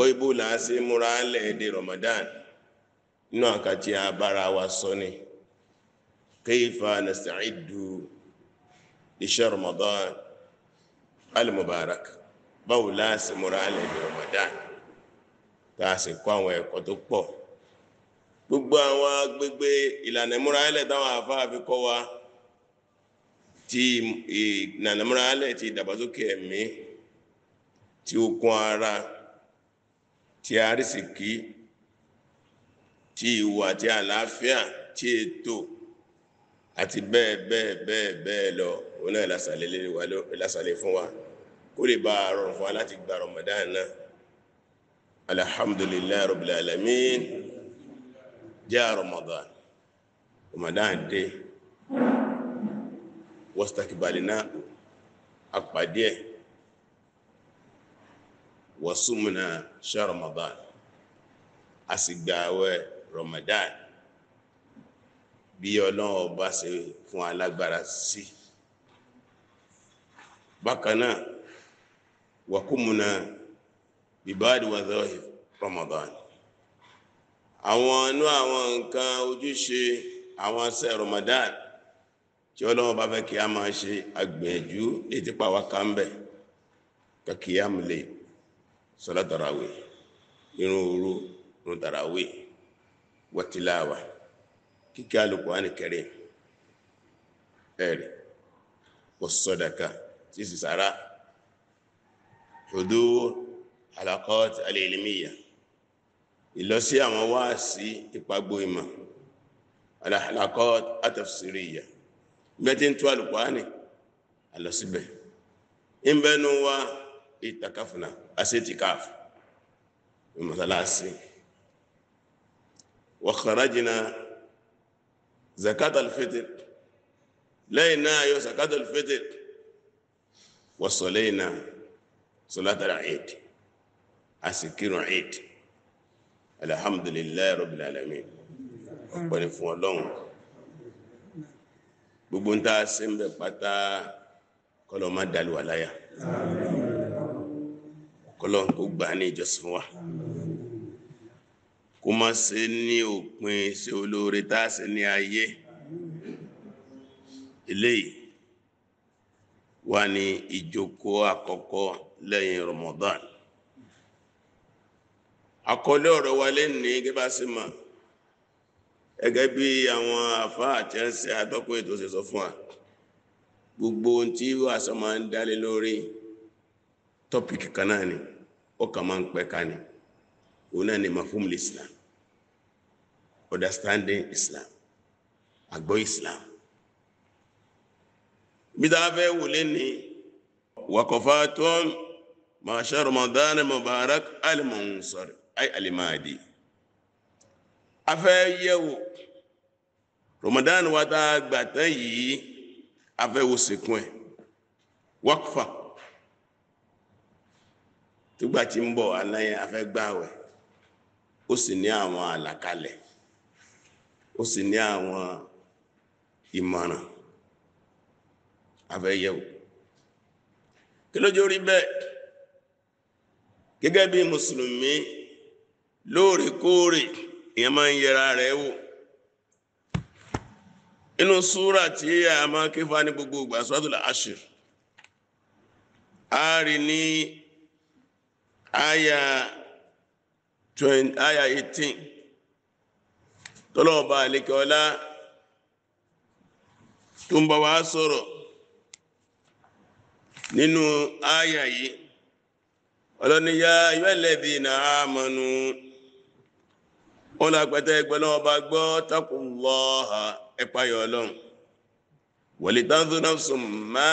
gbọ́ ibò láàáṣe múra lẹ́ẹ̀dẹ̀ Ramadan inú àkàtí àbára wa sọ ni kayfa nasta'iddu iṣẹ́ Ramadan al-mubarak báwo láàáṣe múra lẹ́ẹ̀dẹ̀ Ramadan tààsì kọ́ àwọn ẹ̀kọ́ tó pọ̀ gbogbo àwọn agbègbè ìlànà múra lẹ́ẹ̀ táwọn àfáà fi kọ́ wa tí ìlànà múra lẹ́ẹ̀ ti dàgbàsókè ẹ̀mí tí ó kún ara ti àrísìkí ti ìwà ti àlàáfíà ti ètò àti bẹ́ẹ̀ bẹ́ẹ̀ bẹ́ẹ̀ bẹ́ẹ̀ lọ òun náà lásàlẹ̀ fún wa kó lè bá rọrùn fún wa láti gba Ramadan náà alhamdulillah rabbil alamin jẹ́ Ramadan Ramadan dé wọ́stakibali náà apàdé ẹ̀ wọ́súnmùnà ṣe Ramadan a sì gba àwẹ̀ Ramadan bí ọlọ́run ọba ṣe fún alágbára sí bákan náà bíbáàdì wàzọ́hì Ramadan àwọn inú àwọn nǹkan ojúṣe àwọn ṣe Ramadan tí ọlọ́run bá fẹ́ kí a máa ṣe agbẹ̀ẹ́jú létípàwà kan bẹ̀ kàkíyàmù lè sọlá tàràwé irun òru irun tàràwé wọtíláwà kíkẹ́ Al-Qur'ani Karim ẹ̀rì wọ́sọ̀dàkà tí sì sára hudur alaqat al-ilmiyya ìlọsí àwọn wáàsí ìpagbó ìmọ̀ alaqat at-tafsiriyya mẹ́tí ń tó Al-Qur'ani ìtàkàfùnà asetikaf masalasi wa kharajna zakat alfitr lẹ́yìn náà yọ zakat alfitr wa salayna salat al-eid asikirun eid alhamdulillahi rabbil alamin ọ̀pọ̀ ni fún ọlọ́run gbogbo ń ta sí pátá kọlọ̀ má dàlú àláyà. Amen kọ́lọ́n kó gbà ní ìjọsìn wa kó má ṣe ní òpin ṣe olóore tá a ṣe ní ayé eléyìí wà ní ìjókòó àkọ́kọ́ lẹ́yìn Ramadan àkọlé ọ̀rọ̀ wa lè ní gẹ́bà sí ma ẹgẹ́ bí àwọn àfá àti ẹ̀sẹ̀ àtọ́kùn ètò ṣe sọ fún wa gbogbo ohun tí wàásọ máa ń dálé lórí tọ́pìkì kana náà ni ó kàn máa ń pẹ́ ká ni òun ni mafumul islam understanding islam àgbọ́ islam bí dáa fẹ́ wò lé ní wàkọ̀fà tó masha ramadan mubarak alimunsar ay alimadi a fẹ́ ramadan wa ta gbàtán yìí a fẹ́ tukpachi mbọ anaghị afẹ gbaa o si ni awọn alakalẹ o si ni awọn imoran afẹ yau ki lojori be gege bi musulmi lori kori ihe ma n yere ara ewu inu sura ti yi ya ma n kifa ni gbogbo ogba suwadula ashir a ri ni aya 20 18 tolo àlekọ́lá tó ń wa sọ̀rọ̀ nínú aya yìí ọlọ́niyá yọ́lẹ̀bí na àmọ́nu wọ́n lápẹtẹ ẹgbẹ́lọ́ọ̀bá gbọ́ taqullaha ẹ̀páyọ̀ ọlọ́run walitanzur nafsun ma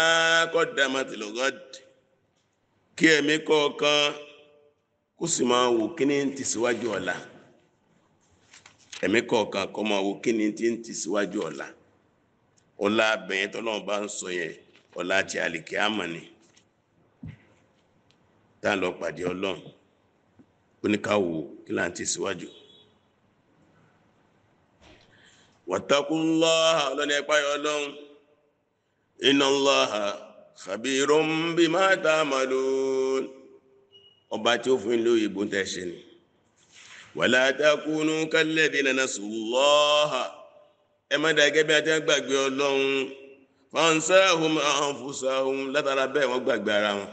qaddamat ligad kí ẹ̀mí kọ̀ọ̀kan kó sì máa wò kíní ń tẹ̀síwájú ọ̀la ẹ̀mí kọ̀ọ̀kan kó máa wò kíní tí ń tẹ̀síwájú ọ̀la ọ̀la bẹ̀yẹn tọ́lọ́run bá ń sọ yẹn ọ̀la ti àlìkí àmọ̀ ni tá a lọ pàdé ọlọ́run ó kí là ń tẹ̀síwájú. wàtàkùnlá ọlọ́ni ẹ̀pá yọ ọlọ́run inna Allaha khabirun bima ta'malun. ọba tí ó fún ilé òyìnbó tẹ́ ṣe ni wala takunu kalladhina nasullaha ẹ má dà gẹ́gẹ́ bí a ti gbàgbé ọlọ́run fansahum anfusahum látara bẹ́ẹ̀ wọ́n gbàgbé ara wọn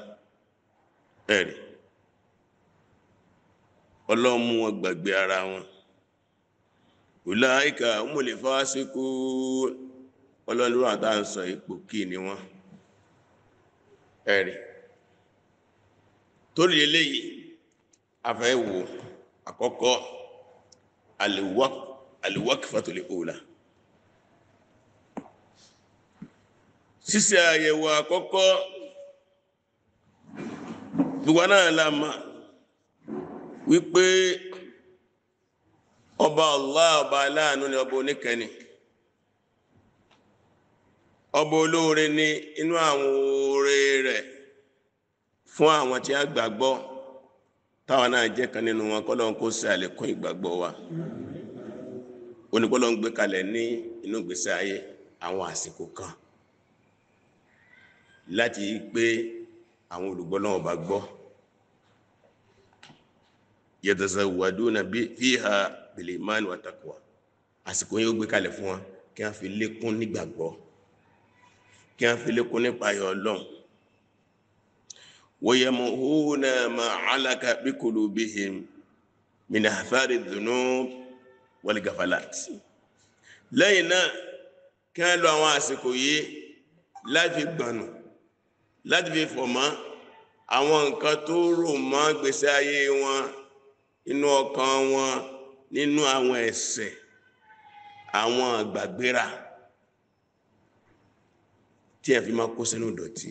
ọlọ́run wọn gbàgbé ara wọn ọlọ́run ipò kí ni wọ́n ẹ̀rì torí eléyìí afẹ́ wo àkọ́kọ́ al-waqfatul ula àyẹ̀wò àkọ́kọ́ gbogbo náà la ma wípé ọba Allah ọba aláàánú ni ọba oníkẹni ọba olóore ni inú àwọn oore rẹ̀ fún àwọn tí a gbàgbọ́ táwọn náà jẹ́ kan nínú wọn kọ́lọ́n kó ṣe àlékún ìgbàgbọ́ wa onígbọ́lọ́ ń gbé kalẹ̀ ní inú gbèsè ayé àwọn àsìkò kan láti pé àwọn olùgbọ́lọ́ ọba gbọ́ yatazawwaduna fiha bil imani wa taqwa àsìkò yóò gbé kalẹ̀ fún wa kí wọ́n fi lékún nígbàgbọ́ kí wọ́n fi lékún nípa ayọ̀ ọlọ́run ويمهون ما علك بقلوبهم من أحفار الذنوب والغفلات لينا náà kí wọ́n lo àwọn àsìkò yìí láti fi gbọ̀nù láti fi fọ̀ mọ́ àwọn nǹkan tó rò mọ́ gbèsè ayé wọn inú ọkàn wọn nínú àwọn fi máa kó sínú ìdọ̀tí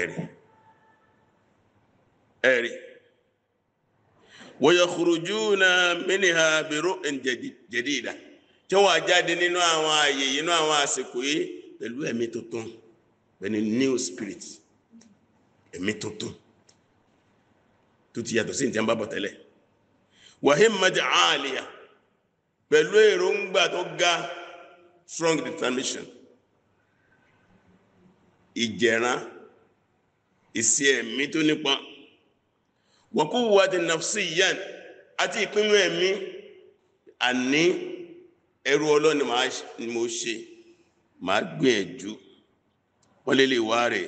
ẹ̀rí ẹ̀rí wọ́yẹ̀ kùrùjú na mínìhà bẹ̀rù jẹ̀dí ìdá tí wọ́n jáde nínú àwọn ààyè inú àwọn àsìkò yìí pẹ̀lú ẹ̀mí tuntun pẹ̀lú new spirit ẹ̀mí tuntun tó ti sí ìjẹun bábọ̀ tẹ́lẹ̀ wàhíì mẹ́jẹ̀ àlìyà pẹ̀lú èròǹgbà tó ga strong determination ìjẹ̀ran ìsí ẹ̀mí tó nípa wa quwwatin nafsiyyan àti ìpinnu ẹ̀mí àní ẹrú ọlọ́ni ni mo ṣe máa gbìyànjú wọ́n lè lè wá rẹ̀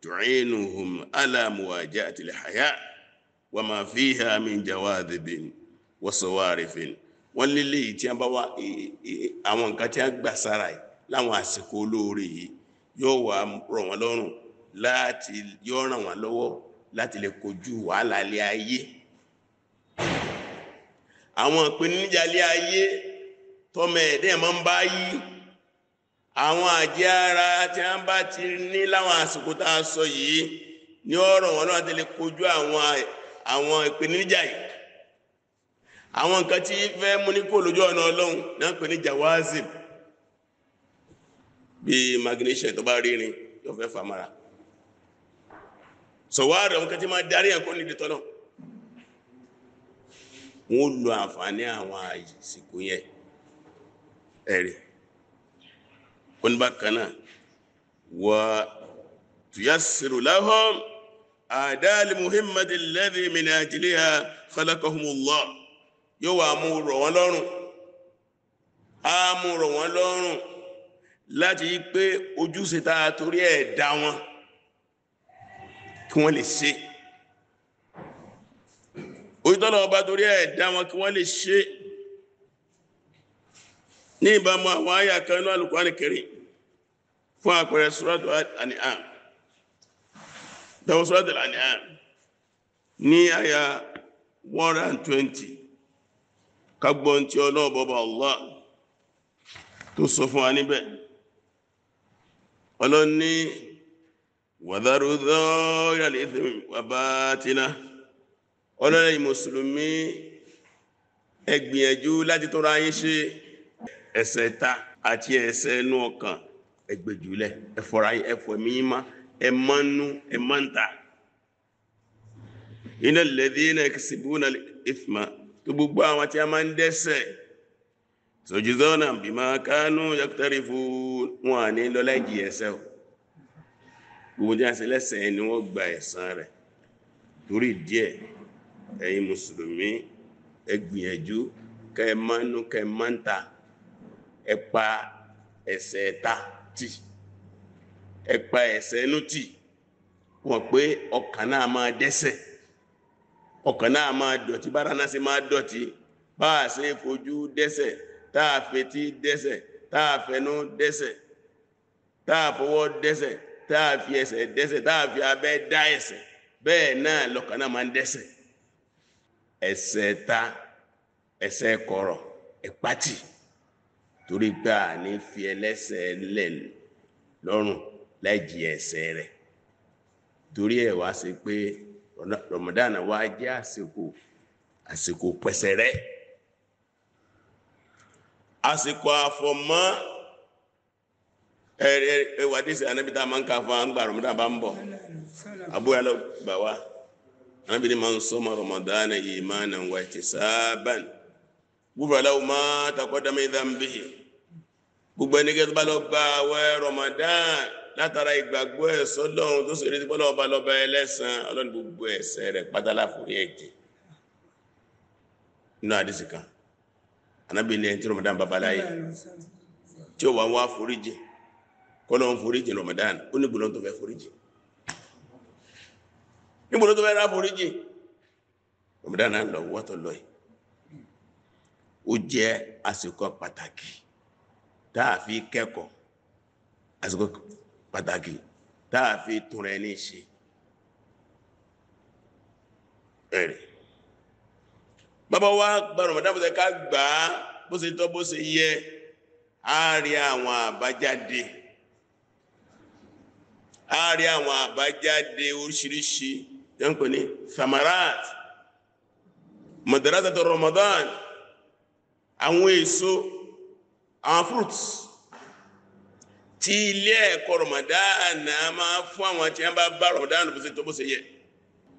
tu'inuhum ala muwajahati al-haya wa ma fiha min jawadibin wa sawarifin wọ́n lè lè tí a bá wá àwọn nǹkan tí a gbà sára láwọn àsìkò olóore yìí yóò wà rọ̀ wọ́n lọ́rùn láti yọ ràn wọ́n lọ́wọ́ láti lè kojú wàhálà ilé ayé àwọn ìpèníjà ilé ayé tọmọ ẹ̀dẹ́ máa ń bá yí àwọn àjẹ́ ara tí a ń bá ti ní láwọn àsìkò tá a sọ yìí ní ọ̀rọ̀ wọn náà tẹ́lẹ̀ kojú àwọn àwọn ìpèníjà yìí àwọn nǹkan tí fẹ́ mú ní kó lójú ọ̀nà ọlọ́run náà pè ní jawazib bíi magnesium tó bá rí ni yóò fẹ́ famara sọ̀wárẹ̀ wọn kẹtí máa darí ẹ̀kọ́ nílé tọ́lọ̀ wọ́n lo àǹfààní àwọn àìsìnkú yẹn ẹ̀rẹ̀ wọ́n bá kanáà wà tuyassiru lahum àdáàlì muhimmadi alladhi min ajliha khalaqahumullah yóò wà mú rọ̀ wọ́n lọ́rùn á mú rọ̀ wọ́n lọ́rùn láti yí pé ojúṣe ta torí ẹ̀ dá wọn kí wọ́n lè ṣe òyítọ́lọ̀ ọba torí ẹ̀dá wọn kí wọ́n lè ṣe ní ìbámu àwọn àyà kan inú Al-Qur'ani Karim fún àpẹẹrẹ Suratu Al-An'am tàwọn Suratu Al-An'am ní àyà 120 kagbọ́n tí ọlọ́ọ̀bọ̀bọ̀ Allah tó sọ fún wa níbẹ̀ ọlọ́ni wàdàrú dọ́ọ̀rẹ́ àlẹ́tẹ̀ wàbátínà ọlọ́rẹ́ mùsùlùmí ẹ gbìyànjú láti tọ́ra yín ṣe ẹ̀ṣẹ̀ ta àti ẹ̀ṣẹ̀ inú ọkàn ẹ gbèjúlẹ̀ ẹ fọ̀ra yín ẹ fọ̀ mí má ẹ má nú ẹ má ń ta. iná lẹ́dí iná kìsìbú na ìfìmá tó gbogbo àwọn tí a máa ń dẹ́ṣẹ̀ sojúzọ́nà bímá kánú yàtọ̀rí fún wọn ní lọ́lá ìjì o gbogbo jẹ́ àṣẹ lẹ́sẹ̀ ni wọ́n gba ẹ̀san rẹ̀ torí díẹ̀ ẹ̀yin mùsùlùmí ẹ gbìyànjú kẹ́ mánú kẹ́ mántà ẹ pa ẹ̀ṣẹ̀ ta tì ẹ pa ẹ̀ṣẹ̀ inú tì wọ́n pé ọkàn náà máa dẹ́ṣẹ̀ ọkàn náà máa dọ̀tí bára náà sì máa dọ̀tí bá a ṣe fojú dẹ́ṣẹ̀ tá a fetí dẹ́ṣẹ̀ tá a fẹnu dẹ́ṣẹ̀ tá a fọwọ́ dẹ́ṣẹ̀ tá a fi ẹsẹ̀ dẹ́sẹ̀ tá a fi abẹ́ dá ẹsẹ̀ bẹ́ẹ̀ náà lọ́kàn náà máa ń dẹ́sẹ̀ ẹsẹ̀ ta ẹsẹ̀ kọ̀rọ̀ ẹ̀pátì torí gbà ní fi ẹlẹ́sẹ̀ lẹ̀ lọ́rùn láì jí ẹsẹ̀ rẹ̀ torí ẹ̀ wá sí pé Ramadan wá jẹ́ àsìkò àsìkò pẹ̀sẹ̀ rẹ̀ àsìkò àfọ̀mọ́. Eh, eh, eh, wadisi anabi ta man kafa an gbaro muta ban bɔ abu yala bawa anabi ni man soma ramadana imanan wa ihtisaban gbogbo alaw ma taqaddama min dhanbihi gbogbo ẹni kẹtù bá lọ gba àwẹ̀ ramadan látara ìgbàgbọ́ ẹ̀ sọ́lọ́run tó sọ̀rọ̀ ìdíbọ́lọ́ ọba lọ́ba ẹlẹ́sàn ọlọ́run gbogbo ẹ̀ṣẹ̀ rẹ̀ pátálà forí ẹ̀jẹ̀ nínú àdìsí kan anabi ni ẹni tí ramadan babaláyé tí ó wà wá foríjì kọ́lọ́n foríjì Ramadan ó ní gbọ́lọ́n tó fẹ́ foríjì ní gbọ́lọ́n tó fẹ́ rá foríjì Ramadan náà lọ wọ́tọ̀ lọ ó jẹ́ àsìkò pàtàkì táàfi kẹ́kọ̀ọ́ àsìkò pàtàkì táàfi túnra ẹni ṣe ẹ̀rẹ̀ bàbá wa gba Ramadan bó gbà bó ṣe tọ́ bó ṣe yẹ á àwọn àbájáde a rí àwọn àbájáde oríṣiríṣi tó ń pè ní samarat madrasatu Ramadan àwọn èso àwọn fruits tí ilé ẹ̀kọ́ Ramadan náà máa fún àwọn tí wọ́n bá bá Ramadan bó ṣe tó bó ṣe yẹ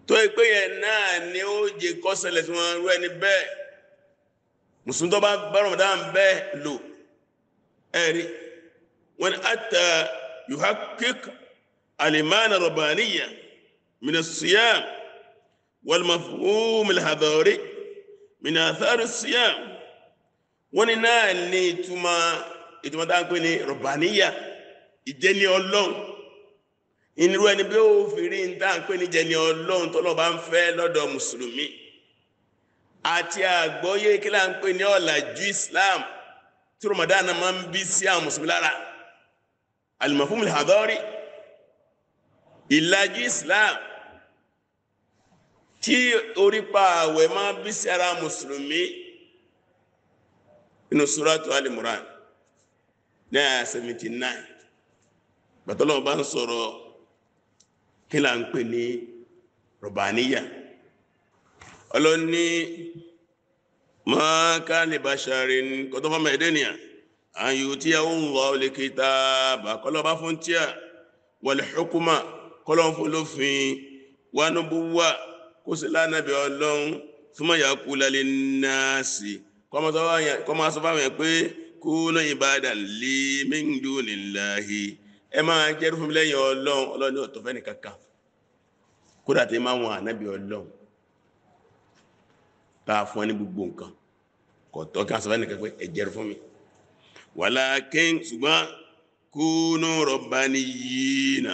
tó ìpé yẹn náà ni ó jẹ kọ́sẹ̀lẹ̀ tí wọ́n rú ẹni bẹ́ẹ̀ mùsùlùmí tó bá bá Ramadan bẹ́ẹ̀ lò ẹ̀rí wọn àtà yuhakik alimana rabbaniya min as-siyam wal mafhum al-hadari min athar as-siyam wọ́n ní náà ní ìtumọ̀ ìtumọ̀ tá à ń pè ní rabbaniya ìjẹni ọlọ́run ìnirú ẹni bí ó fi rí ní tá à ń pè ní ìjẹni ọlọ́run tọ́lọ́ bá ń fẹ́ lọ́dọ̀ mùsùlùmí àti àgbọ́yé kí là ń pè ní ọ̀làjú islam tí ramadan máa ń bí sí àwọn mùsùlùmí lára al-mafhum al-hadari ìlàjú islam tí orípa àwẹ̀ máa bí sí ara mùsùlùmí inú suratu alimuran ní àyà 79 gbàtọ́lọ́ bá ń sọ̀rọ̀ kí là ń pè ní rọ̀bàníyà ọlọ́ni máa ká lè bá ṣàrí kọ́tọ́fọ́mọ̀ ẹ̀dẹ́nìyà àyù tí a ń lọ lè kìtà bàkọ́lọ́ bá fún tíà wal hukuma kọlọ́nfò lófin wánúbúwà kó sí lánàbí ọlọ́run súnmọ́ ìyá kú lálẹ́ náà sí kọmọ sọ fáwọn yẹn pé kú ná ibadan li min dunillahi ẹ máa jẹ́rú fún mi lẹ́yìn ọlọ́run ọlọ́run ní ọ̀tọ̀ fẹ́ni kankan kódà tí máa wọn ànábì ọlọ́run tá a fún ẹ ní gbogbo nǹkan kò tọ́ kí a sọ fẹ́ni kankan ẹ jẹ́rú fún mi walakin ṣùgbọ́n kunu rabbaniyina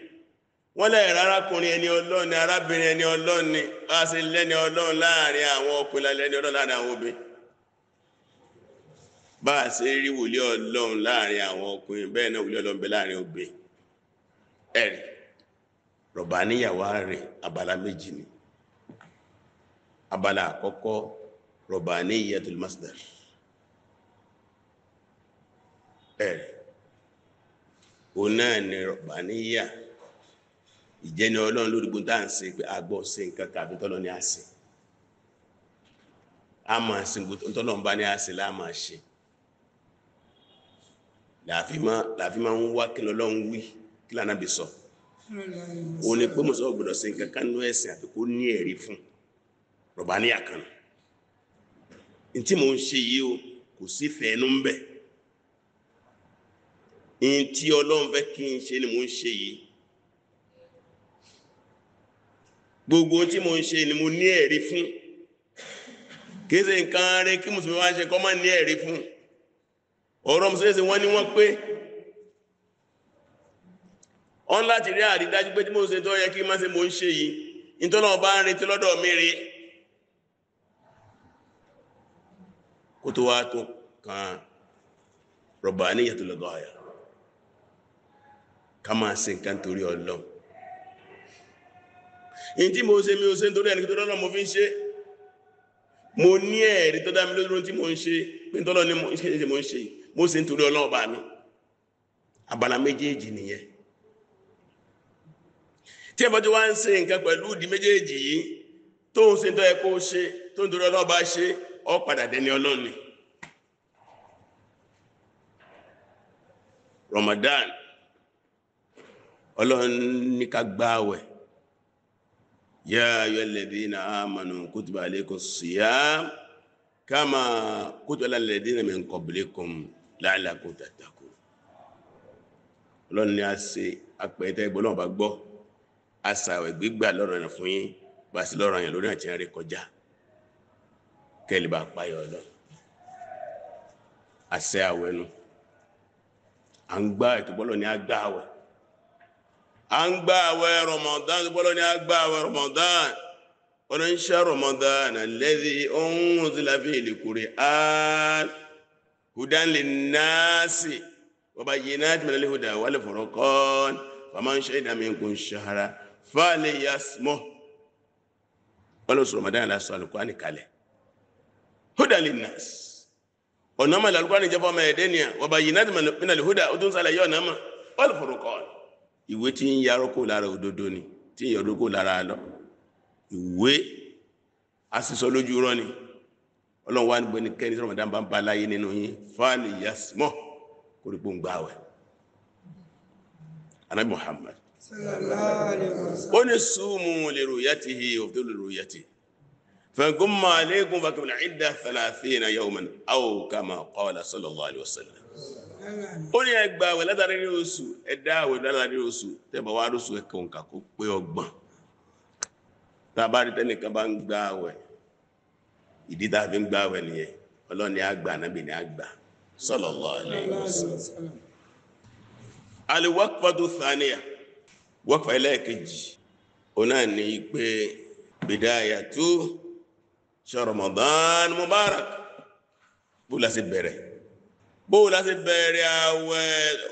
wọ́n lẹ́yìn arákùnrin ẹni ọlọ́ni arábìnrin ẹni ọlọ́ni láti lẹ́ni ọlọ́run láàrin àwọn ọkùnrin lẹ́ni ọlọ́run láàrin àwọn obìn bá a ṣe rí wòlé ọlọ́run láàrin àwọn ọkùnrin bẹ́ẹ̀ náà wòlé ọlọ́run bẹ láàrin obìn ẹ̀rì rọ̀bà níyàwó rẹ̀ abala méjì ni abala àkọ́kọ́ rọ̀bà níyàtul masdar ẹ̀rì òun náà ni rọ̀bà níyàwó ìjẹni ọlọ́run lórí gbogbo tá à ń ṣe pé agbọ́ ṣe nǹkan tàbí tọ́lọ́ ní àṣẹ a máa ṣe nǹkan tọ́lọ́ ń bá ní àṣẹ láà máa ṣe làfi máa ń wá kí lọ́lọ́run wí kí lànà bí sọ o ní pé mọ̀sọ́ gbọ́dọ̀ ṣe nǹkan kan ní ẹ̀sìn àti kó ní ẹ̀rí fún rọ̀bá ní àkànnà tí mo ń ṣe yìí o kò sí fẹ́ẹ́nú ń bẹ̀ ní tí ọlọ́run fẹ́ kí n ṣe ni mo ń ṣe yìí gbogbo tí mo ń ṣe ni mo ní ẹ̀rí fún kìí ṣe nǹkan rẹ kí mùsùlùmí wá ṣe kọ́ máa ní ẹ̀rí fún ọ̀rọ̀ mùsùlùmí wọ́n ní wọ́n pé wọ́n láti rí àrídájú pé tí mo ń ṣe tó yẹ kí má ṣe mo ń ṣe yìí nítorí wọn bá ń retí lọ́dọ̀ mi rí kó tó wá tó kan rọ̀bà níyàtọ̀ lọ́gọ́ àyà ká máa ṣe nǹkan torí Ọlọ́run in tí mo ṣe mi ò ṣe nítorí ẹni tó dọ́lọ́ mo fi ń ṣe mo ní ẹ̀rí tó dá mi lójú tí mo ń ṣe pé tọ́lọ́ ní ṣe mo ń ṣe mo ṣe nítorí ọlọ́ọ̀bá mi abala méjèèjì nìyẹn tí ẹ̀fọ́ wá ń ṣe nǹkan pẹ̀lú ìdí méjèèjì yìí tó ń ṣe tó yẹ kó ṣe tó ń torí ọlọ́ọ̀bá ṣe ó padà dẹni ọlọ́ọ̀ni Ramadan ọlọ́run ká gbáwẹ̀ يا أيها الذين آمنوا كتب عليكم الصيام كما كتب على الذين من قبلكم لعلكم تتقون Ọlọ́run ni a ṣe apẹ̀tẹ́ ìgbọ́n náà bá gbọ́ aṣàwẹ̀ gbígbà lọ́rọ̀ yẹn fún yín bá sí lọ́rọ̀ yẹn lórí àti rẹ̀ kọjá kẹ́lì bá payọ̀ ọ̀dọ́ àṣẹ àwẹ̀ nu à ń gbá ètò bọ́lọ̀ ní agbáwẹ̀ à ń gba àwẹ̀ Ramadan bọ́lọ́ ni a gba àwẹ̀ Ramadan ọ̀nà ń ṣe Ramadan alladhi unzila fihil Qur'an hudan linnasi wa bayyinatin minal huda wal furqan faman shahida minkum shahra falyasmuh ọlọ́ sọ Ramadan la sọ alùkọ́ ànìkalẹ̀ hudan linnasi ọ̀nà mọ̀ alùkọ́ ànìjẹ́fọ́ mẹ́ẹ̀dẹ́nìyà wa bayyinatin minal huda ó tún sálẹ̀ yọ ọ̀nà mọ̀ wal furqan ìwé tí ń yarókò lára òdodo ni tí ń yarókò lára lọ ìwé asísọ lójú rán ni ọlọ́run wá níbo ní kẹ́ni sọ́rọ̀ mọ̀dá bá ń ba láyé nínú yín fáàlì yasmọ́ kò rí gbà wẹ̀ anabi muhammad ó ní súnmù lè ròyàtì hi òfin lè ròyàtì fẹ̀gùn máa léegun fàkìmìlà ìdá ó ní ẹgbà àwẹ̀ látàrí ní oṣù ẹ̀dá àwẹ̀ látàrí ní oṣù tẹ́bà wá lóṣù ẹ̀kọ́ nǹkan kó pé ọgbọ̀n tàbá rí tẹ́nìkan bá ń gba àwẹ̀ ìdí tá a fi ń gba àwẹ̀ nìyẹn ọlọ́ni àgbà anábì ní àgbà sallallahu alaihi wasallam aliwakpadu thaniya wakpa ẹlẹ́ẹ̀kejì ọ̀nà ni pé bidayatu Ramadan mubarak bó lásì bẹ̀rẹ̀ bóò láti bẹ̀rẹ̀ àwẹ̀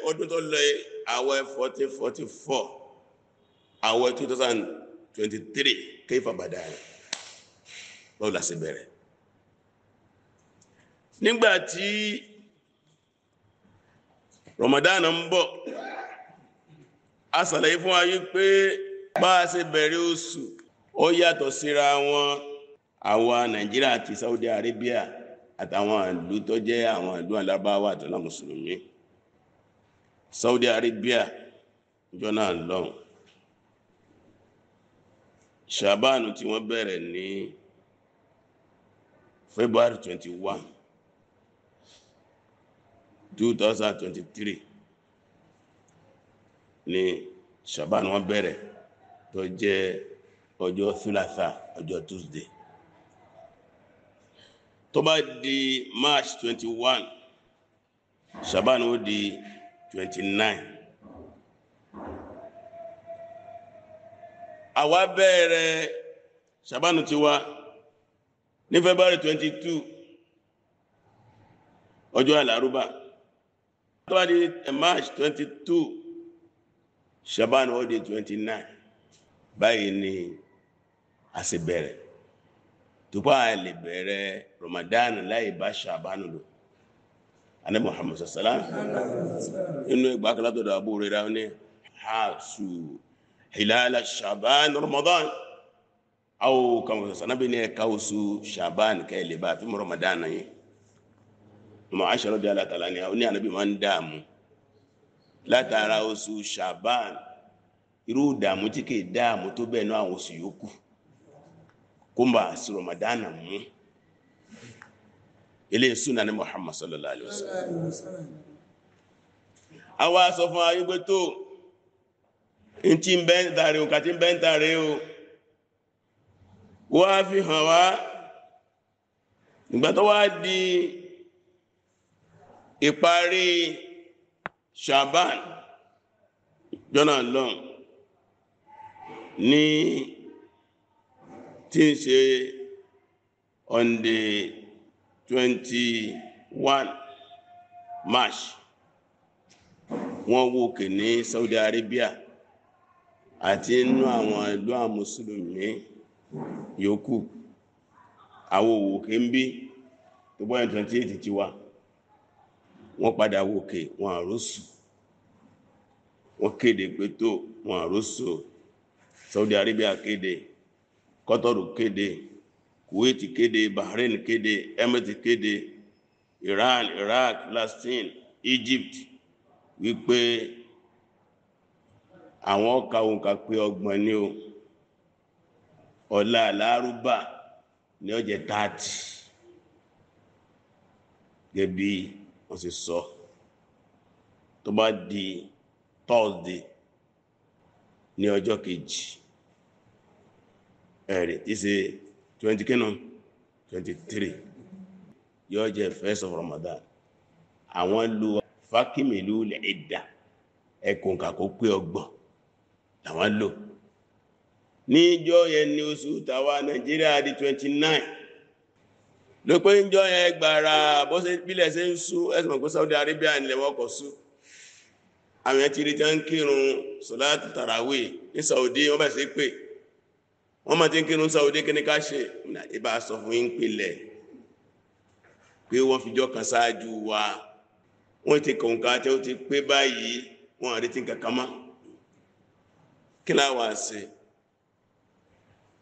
ọdún tó lọ àwẹ̀ 1444 àwẹ̀ 2023 kéfà bàdá rẹ̀ bóò láti bẹ̀rẹ̀ nígbàtí Ramadan ń bọ̀ a sàlàyé fún ayé pé bá a ṣe bẹ̀rẹ̀ oṣù ó yàtọ̀ síra wọn àwa Nàìjíríà àti Saudi Arabia àtàwọn ìlú tó jẹ́ àwọn ìlú alábáwà àtọ́lá mùsùlùmí Saudi Arabia ìjọ náà lọ́hùn ṣàbánu tí wọ́n bẹ̀rẹ̀ ní February 21 2023 ni ṣàbánu wọ́n bẹ̀rẹ̀ tó jẹ́ ọjọ́ thulatha Tuesday tó bá di march twenty one shaban ó di twenty nine àwa bẹ̀rẹ̀ shaban tiwa ní february twenty two ọjọ́ àlárúbà tó bá di march twenty two shaban ó di twenty nine báyìí ni a sì bẹ̀rẹ̀ tupa lè bẹ̀rẹ̀ Ramadan láì bá ṣàbánu lò aní Muhammad sallam inú ìgbà kan látọ̀dọ̀ Abu Hurairah ní hasu hilala ṣàbán Ramadan awo kan sanabi ní ẹka oṣù ṣàbán kẹ́ lè bá fi mú Ramadan yìí ọmọ aṣọ́rọ̀ bí alátàlá ni àwọn ní ànábì máa ń dààmú látara oṣù ṣàbán irú ìdààmú tí kì í tó bẹ́ẹ̀ náà àwọn oṣù yòókù kumba si ramadana mu ilé sunna ní muhammad sallallahu alaihi wasallam awa sọ fún ayúgbé tó n tí ń bẹ́ òkà tí ń bẹ́ o wá fi hàn wá nígbà tó wá di ìparí shaban jọ́nà lọ́n ní tí ń ṣe on the 21 March wọ́n wòkè ní Saudi Arabia àti inú àwọn ìlú àwọn mùsùlùmí yòókù àwọn òwòkè ń bí tó bọ́yẹ̀ 28 ti wá wọ́n padà wòkè wọn àrósù wọ́n kéde pé tó wọn àrósù Saudi Arabia kéde kọ́tọ́rù kéde kuwait kéde bahrain kéde emirates kéde iran iraq palestine egypt wípé àwọn ọkà òǹkà pé ọgbọ̀n ni o ọ̀la lárúbà ní ọjẹ́ tààtì gẹ́bí wọ́n sì sọ tó bá di thursday ní ọjọ́ kejì ẹ̀rì tí ṣe 20 kínú 23 yóò jẹ́ first of Ramadan àwọn lu fákìmìlú lẹ́ẹ̀dà ẹkùn kàkó pé ọgbọ̀n làwọn lò níjọ́ yẹn ni oṣù tàwa Nàìjíríà di 29 ló pé ń jọ yẹn gbàrà bọ́sẹ̀ pílẹ̀ ṣe ń sú ẹ̀sùn pé Saudi Arabia ilẹ̀ wọ́kọ̀ sú àwọn ẹ̀tìrìtà ń kírun sọ̀lá tàràwì ní Saudi wọ́n bẹ̀ sí pé wọ́n máa ti ń kírun sáwọ́dé kí ní ká ṣe ìbá sọ fún yín pilẹ̀ pé wọ́n fìjọ́ kan ṣáájú wa wọ́n ti kọ̀ǹkà tẹ́ ó ti pé báyìí wọ́n àrètí kankan mọ́ kí láwà sí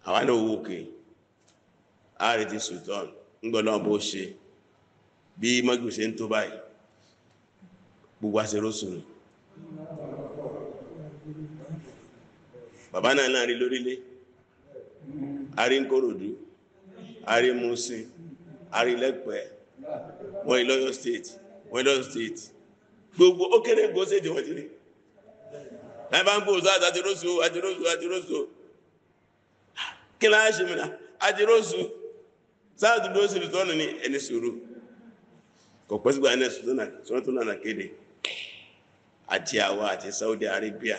àwọn náà wò àrètí sultan ńgbọ́n bó ṣe bí ṣe ń tó báyìí gbogbo ari arímúsìn arílẹ́pẹ́ wọ́n ìlọ́yọ̀ state wọ́n ìlọ́yọ̀ state gbogbo ó kéré gbogbo state wọ́n ti rí láì bá ń adirosu sọ àtàtìrósù àtìrósù àtìrósù kí láà ṣe mìíràn ẹni sùúrù kò tó kéde àti àwa àti Saudi Arabia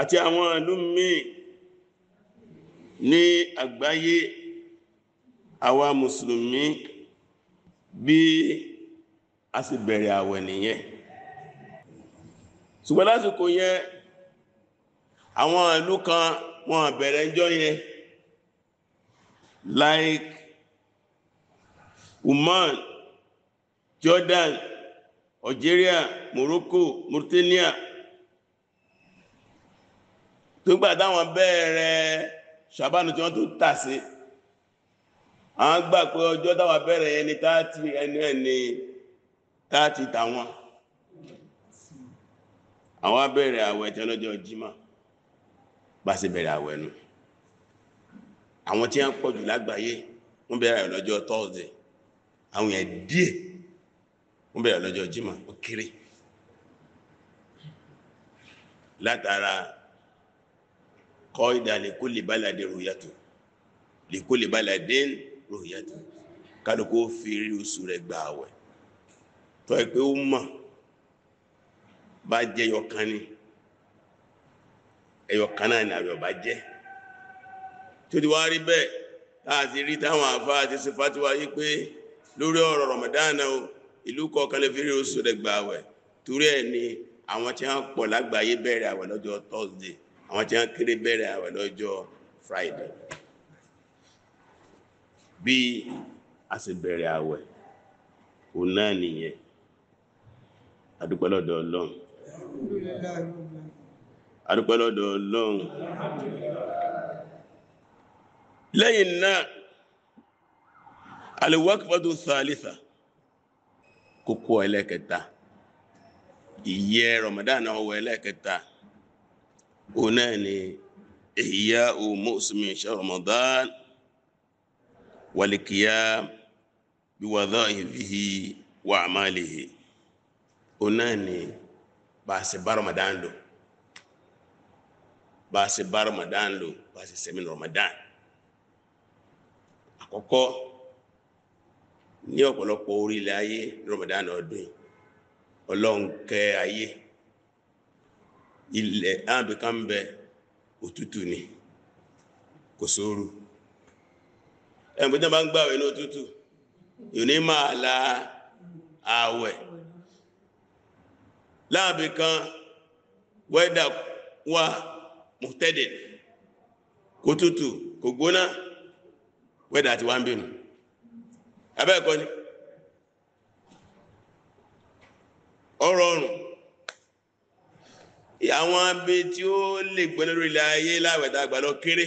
àti àwọn ìlú míì ní àgbáyé àwa mùsùlùmí bí a sì bẹ̀rẹ̀ àwẹ̀ nìyẹn ṣùgbọ́n lásìkò yẹn àwọn ìlú kan wọ́n bẹ̀rẹ̀ ńjọ́ yẹn like Uman Jordan Algeria Morocco Mauritania tó gbà táwọn bẹ̀rẹ̀ ṣàbánu tí wọ́n tó tàṣe a ń gbà pé ọjọ́ táwà bẹ̀rẹ̀ ẹni tààtì ẹni ẹni tààtì tàwọn àwọn bẹ̀rẹ̀ àwẹ̀ tí ọlọ́jọ́ jímá bá ṣe bẹ̀rẹ̀ àwẹ̀ nù àwọn tí a ń pọ̀ jù lágbàáyé wọ́n bẹ̀rẹ̀ ọlọ́jọ́ tọ́ọ̀dẹ̀ àwọn yẹn díẹ̀ wọ́n bẹ̀rẹ̀ ọlọ́jọ́ jímá ó kéré látara qaida li kulli baladin ru'yatu li fi rí oṣù rẹ̀ gba àwẹ̀ tó ẹ pé ó mọ̀ bá jẹ́ ẹyọkan ni ẹyọkan náà ni àwẹ̀ ọba ti wá rí bẹ́ẹ̀ láti rí táwọn àfáà àti sífàtí wá pé lórí ọ̀rọ̀ ìlú kọ̀ọ̀kan lè fi rí oṣù rẹ̀ gba àwẹ̀ torí ẹ̀ ni àwọn tí àwọn tí wọ́n kéré bẹ̀rẹ̀ àwẹ̀ lọ́jọ́ Friday bí a sì bẹ̀rẹ̀ àwẹ̀ òun náà nìyẹn adúpẹ́ Ọlọ́run Ọlọ́run lẹ́yìn náà alìwákìfọ́dù thalitha kókó ẹlẹ́kẹta òun náà ni ihya'u mu'simi Ramadan wal-qiyam bi wadha'ifihi wa a'malihi òun náà ni bá a ṣe bá Ramadan lò bá a ṣe bá Ramadan lò bá a ṣe sẹ́mi Ramadan àkọ́kọ́ ní ọ̀pọ̀lọpọ̀ orílẹ̀ ayé Ramadan ọdún ọlọ́nkẹ́ ayé ilẹ̀ ábẹ̀ká ń bẹ òtútù ni kò sóoru ẹ̀mọ̀ e bá ń gbàwẹ̀ ní òtútù yóò ní máa la ààwẹ̀ láàbẹ̀kan wẹ́dà wà mọ̀tẹ́dẹ̀ kò tútù kò gbóná wẹ́dà àti wá ń bínú abẹ́ẹ̀kọ́ ni ọrọ̀ ọrùn àwọn abẹ tí ó lè pẹ́ lórí ilẹ̀ ayé láwẹ̀dá àgbàlọ kéré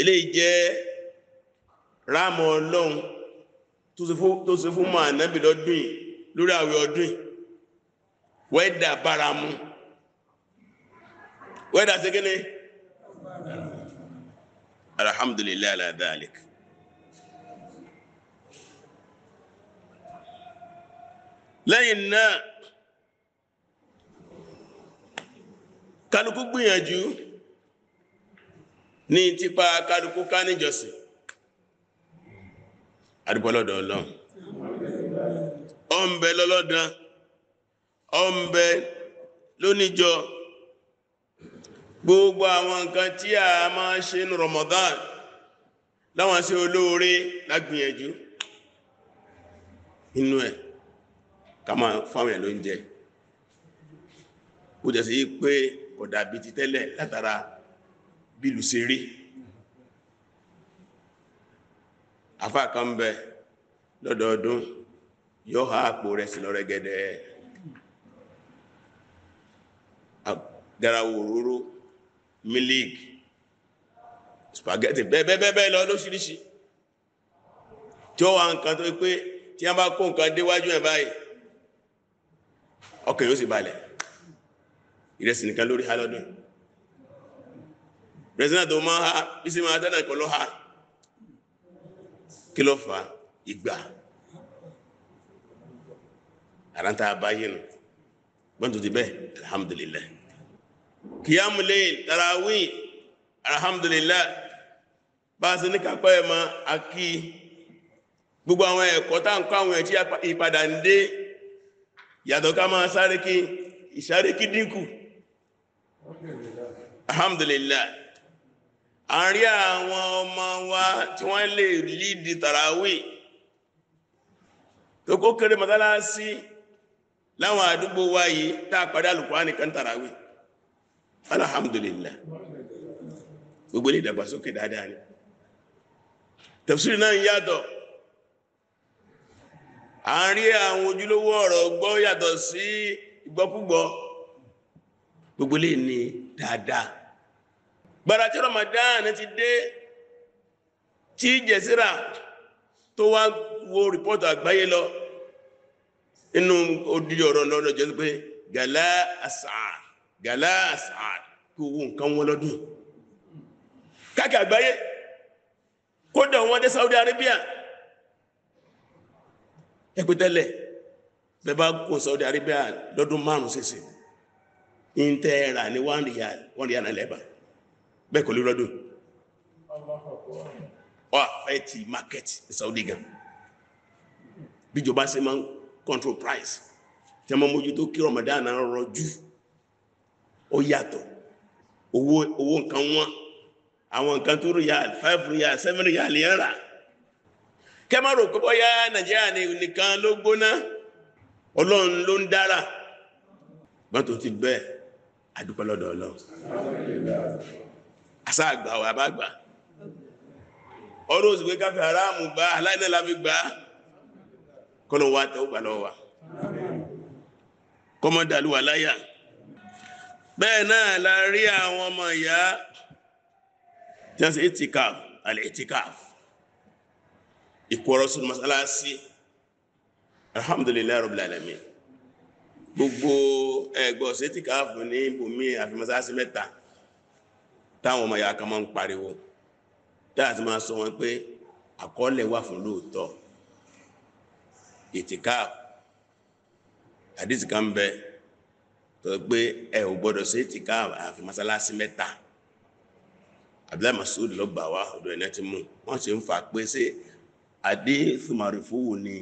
eléyìí jẹ́ ráàmù ọlọ́run tó ṣe fún mọ́ ànábì lọ́dún yìí lórí àwẹ̀ ọdún yìí wẹ́dà báramu wẹ́dà ṣe kí ni alhamdulillah ala dhalik lẹ́yìn náà kálukú gbìyànjú ní tipa kálukú ká níjọsìn adúpọ̀lọ́dọ̀ ọlọ́run ọmọbẹ lọ́lọ́dán ọmọbẹ lóníjọ gbogbo àwọn nǹkan tí a máa ṣe ní Ramadan láwọn sí olóore lágbìyànjú inú ẹ̀ ká máa fáwọn ẹ̀ ló ń jẹ jẹ́ sí pé kò dàbí ti tẹ́lẹ̀ látara bílù ṣe rí afá kan bẹ lọ́dọọdún yóò ha àpò rẹ̀ sí lọ́rẹ́ gẹ́dẹ́ garawo òróró milik spaghetti bẹ́ẹ̀bẹ́ẹ̀bẹ́ẹ̀ lọ lóṣìíríṣìí tí ó wà nǹkan tó pé tí a bá kó nǹkan déwájú ẹ̀ báyìí ọkàn yóò sì balẹ̀ ìrẹsì nìkan lórí ha lọ́dún president tó máa ha bí sí máa dáná ìkọ́ lọ́ ha kí ló fà ìgbà àrántà àbáyé nù gbọ́n tó ti bẹ́ẹ̀ alhamdulillah kìyàmù lẹ́yìn tàràwí alhamdulillah bá a sí ní kápẹ́ ẹ̀ máa akí gbogbo àwọn ẹ̀kọ́ tá ń kọ́ àwọn ẹ̀tí ìpadà ń dé yàtọ̀ ká máa sáré kí ìsáré kí dínkù alhamdulillah àárí àwọn ọmọ wa tí wọ́n lè lídi tàràwì tó kó kéré mọ́tálásí láwọn àdúgbò wa yìí tá a padà Al-Kùránì kan tàràwì alhamdulillah gbogbo ilé ìdàgbàsókè dáadáa ni tafsiri náà yàtọ̀ àárí àwọn ojúlówó ọ̀rọ̀ gbọ́ yàtọ̀ sí ìgbọ́kúgbọ́ gbogbo lè ní dáadáa gbàrà tí Ramadan ti dé tí jẹ̀síra tó wá wo rìpọ́tù àgbáyé lọ inú odidi ọ̀rọ̀ lọ́dọ̀ jẹ́ pé gàlá àsàr gàlá àsàr kí owó nǹkan wọn lọ́dún káàkiri àgbáyé kódà wọn dé Saudi Arabia ẹgbẹ́tẹ́lẹ̀ bẹ́ẹ̀ bá kó Saudi Arabia lọ́dún márùn-ún sísè ìntẹ́ rà one real one real náà lẹ́bà bẹ́ẹ̀ kò lè rọ́dún wà fẹ́ market Saudi gan bíjọba ṣe máa ń control price tí a máa mójú tó kí Ramadan náà rọjú ó yàtọ̀ owó owó nǹkan wọn àwọn nǹkan tó real five real seven real yẹn rà kẹ́mọ́rò kó bọ́yá Nàìjíríà nìkan ló gbóná Ọlọ́run ló ń dára gbọ́n tó ti bẹ́ẹ̀ àdúpẹ́ lọ́dọ̀ Ọlọ́run àṣà àgbà wà bá gbà ọ̀rọ̀ òsìgbé káfẹ́ aráàmù gbá aláìní láfi gbá kọ́lọ̀ wá tẹ́ ó gbà lọ́wọ́ wa kọ́mọ́dàlú wà láyà bẹ́ẹ̀ náà la rí àwọn ọmọ ìyá tí wọ́n sì itikaf alẹ́ itikaf ìkọ̀rọ̀sùn masalasi alhamdulillahi rabbil alamin gbogbo ẹ̀gbọ́ sétíkà fún ní ibòmí àfimọ́sáàsí mẹ́ta táwọn ọmọ ìyá kan máa ń pariwo táà ti máa sọ wọn pé àkọọ́lẹ̀ wà fún lóòótọ́ ìtìká àdìsí kan bẹ tó pé ẹ ò gbọdọ̀ sí ìtìká àfi mọ́sálásí mẹ́ta Abdullahi Masud ló gbà wá ọ̀dọ̀ ẹ̀nà ti mú wọ́n sì ń fà pé sí àdìsí màrìfúwù ni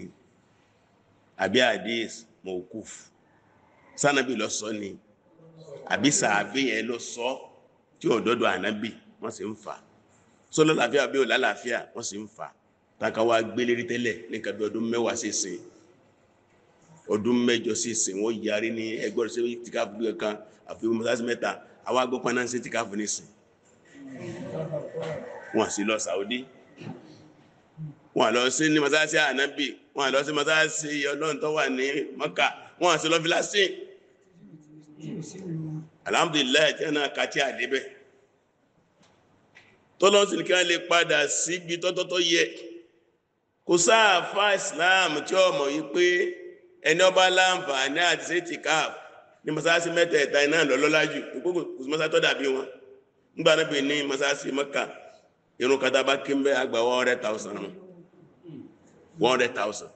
àbí àdìsí mọ̀ọ́kùfù sanabi lọ sọ ni àbí sàábé yẹn lọ sọ tí òdodo ànábì wọ́n sì ń fà sọlọ làáfíà bí òlà làáfíà wọ́n sì ń fà takawa gbélérí tẹ́lẹ̀ ní kàbí ọdún mẹ́wàá sí ìsìn ọdún mẹ́jọ sí ìsìn wọ́n yarí ní ẹgbọ́n sí tìkáfù bí kan àfi mọ́sáàsì mẹ́ta àwọn agbọ́pọ̀ náà sí tìkáfù ní ìsìn wọ́n sì lọ Saudi wọ́n lọ sí ní mọ́sáàsì ànábì wọ́n lọ sí mọ́sáàsì ọlọ́run tó wà ní Mọ́kà wọ́n sì lọ filasíìn alhamdulilayi tí a náà kàtí àdébẹ̀ tọ́lọ́sìn kí a lè padà síbi tọ́tọ́tọ́ yẹ kò sáàfá islam tí ó mọ̀ yí pé ẹni ọba láǹfààní àti sẹ́tì káàf ní masáàsí iná jù kókò dàbí wọn nígbà irun kataba kí agba 100,000 100,000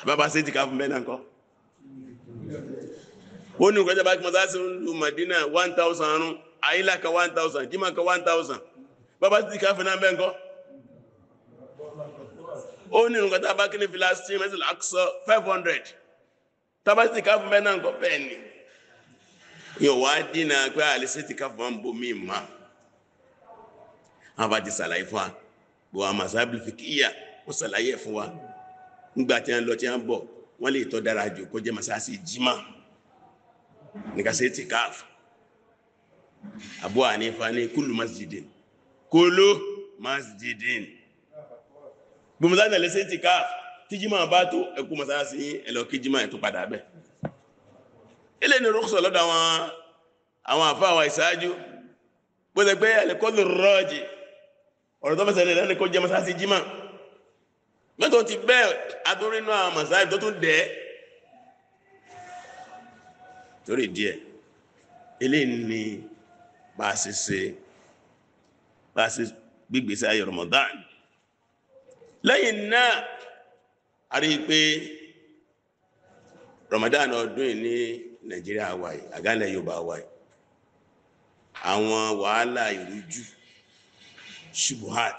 àbábá sẹ́tì káàf mẹ́nà ó ní nǹkan tí a bá kí mọ́sáàsì ń lu Madina one thousand rún àyílà kan one thousand jimá kan one thousand bàbá ti ká fún náà bẹ́ẹ̀ kọ́ ó ní nǹkan tí a bá kí ní Filastin mẹ́sàn àkùsọ five hundred tábà ti ká fún bẹ́ẹ̀ náà kọ́ bẹ́ẹ̀ ni yóò wá dínà pé àlẹ́sẹ̀ ti ká fún wa ń bomi mọ́ àwọn bá ti sàlàyé fún wa gbogbo àwọn masáàbìlì fi kíyà wọ́n sàlàyé fún wa nígbà tí wọ́n lọ tí wọ́n bọ̀ wọ́n lè tọ́ dára jù kó jẹ́ masáàsì jimá nikasetikaf Abu Hanifa ní kúlù masjidin kúlù masjidin gbọmọdá ìdàlẹ́ setikaf kaf, tijima bá tó ẹkú masáàsì ẹlọ kí jímọ̀ ẹ̀ tó padà bẹ̀ ilé ni rúkṣọ lọ́dọ̀ àwọn àwọn àfa àwọn ìṣáájú gbọ́dọ̀ pé àlẹ́kọ́lù rọ́ọ̀jì ọ̀rọ̀ tó fẹsẹ̀ lè lẹ́nu kó jẹ́ ti bẹ́ẹ̀ adúrínú àwọn masáàsì tó tún torí díẹ̀ eléyìí ni bá a ṣe ṣe bá a ṣe gbígbèsè ayé Ramadan lẹ́yìn náà a rí pé Ramadan ọdún yìí ní Nàìjíríà wáyé àgálẹ̀ Yorùbá wáyé àwọn wàhálà ìrújú ṣubuhat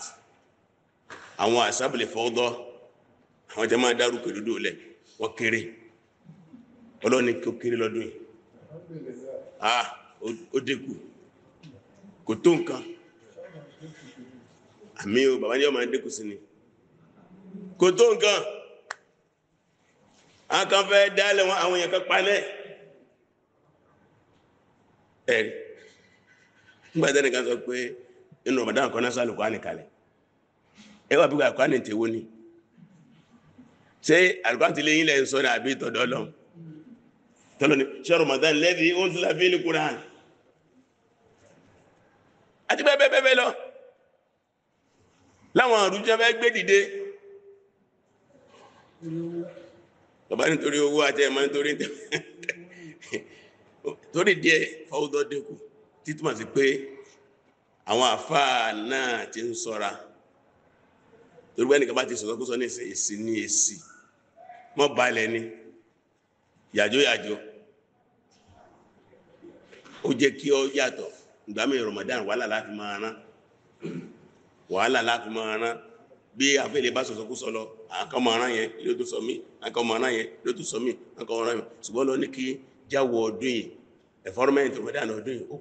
àwọn àṣàbìlẹ̀ fọ́ọ́dọ́ àwọn jẹ́ máa dárúkọ ìdúdó lẹ̀ wọ́n kéré ọlọ́ni kó kéré lọ́dún yìí ah o dínkù kò tó nǹkan àmì o bàbá ní ọmọ dínkù sí ni kò tó nǹkan a kan fẹ́ dálẹ̀ wọn àwọn èèyàn kan palẹ̀ ẹ̀rí nígbàtẹ́ nìkan sọ pé inú Ramadan kan náà sálùkọ́ ànìkalẹ̀ ẹwà bí kò àkọ́ ànìtẹ̀wó ni ṣé àlùkọ́ àti lẹ́yìn lẹ́yìn sọ́rọ̀ àbí tọ̀dọ̀ ọlọ́run tọ́lọ́ ni ṣe Ramadan lẹ́dí ó ń tún láfi ní Quran àti bẹ́ẹ̀bẹ́ẹ̀bẹ́ẹ̀ lọ láwọn àrùjọ fẹ́ gbé dìde bàbá nítorí owó àti ẹ̀mọ́ nítorí torí díẹ̀ fọ́ọ̀dọ́ dínkù títúmọ̀ sí pé àwọn àfáà náà ti ń sọ́ra torí bẹ́ẹ̀ nìkan bá ti sọ̀tọ́kúsọ ní èsì ní èsì mọ́ balẹ̀ ni. yàjóyàjó ó jẹ kí ó yàtọ̀ ìgbàmí Ramadan wàhálà láti máa rán wàhálà láti máa rán bí àfẹ́lẹ̀ bá sọ̀sọ̀ kú sọlọ àkọ́mọ̀ ara yẹn ló tún sọ mí àkọ́mọ̀ ara yẹn ló tún sọ mí àkọ́mọ̀ ara yẹn ṣùgbọ́n lọ ní kí jáwọ ọdún yìí ẹ̀fọ́rọ́mẹ́ntì Ramadan ọdún yìí ó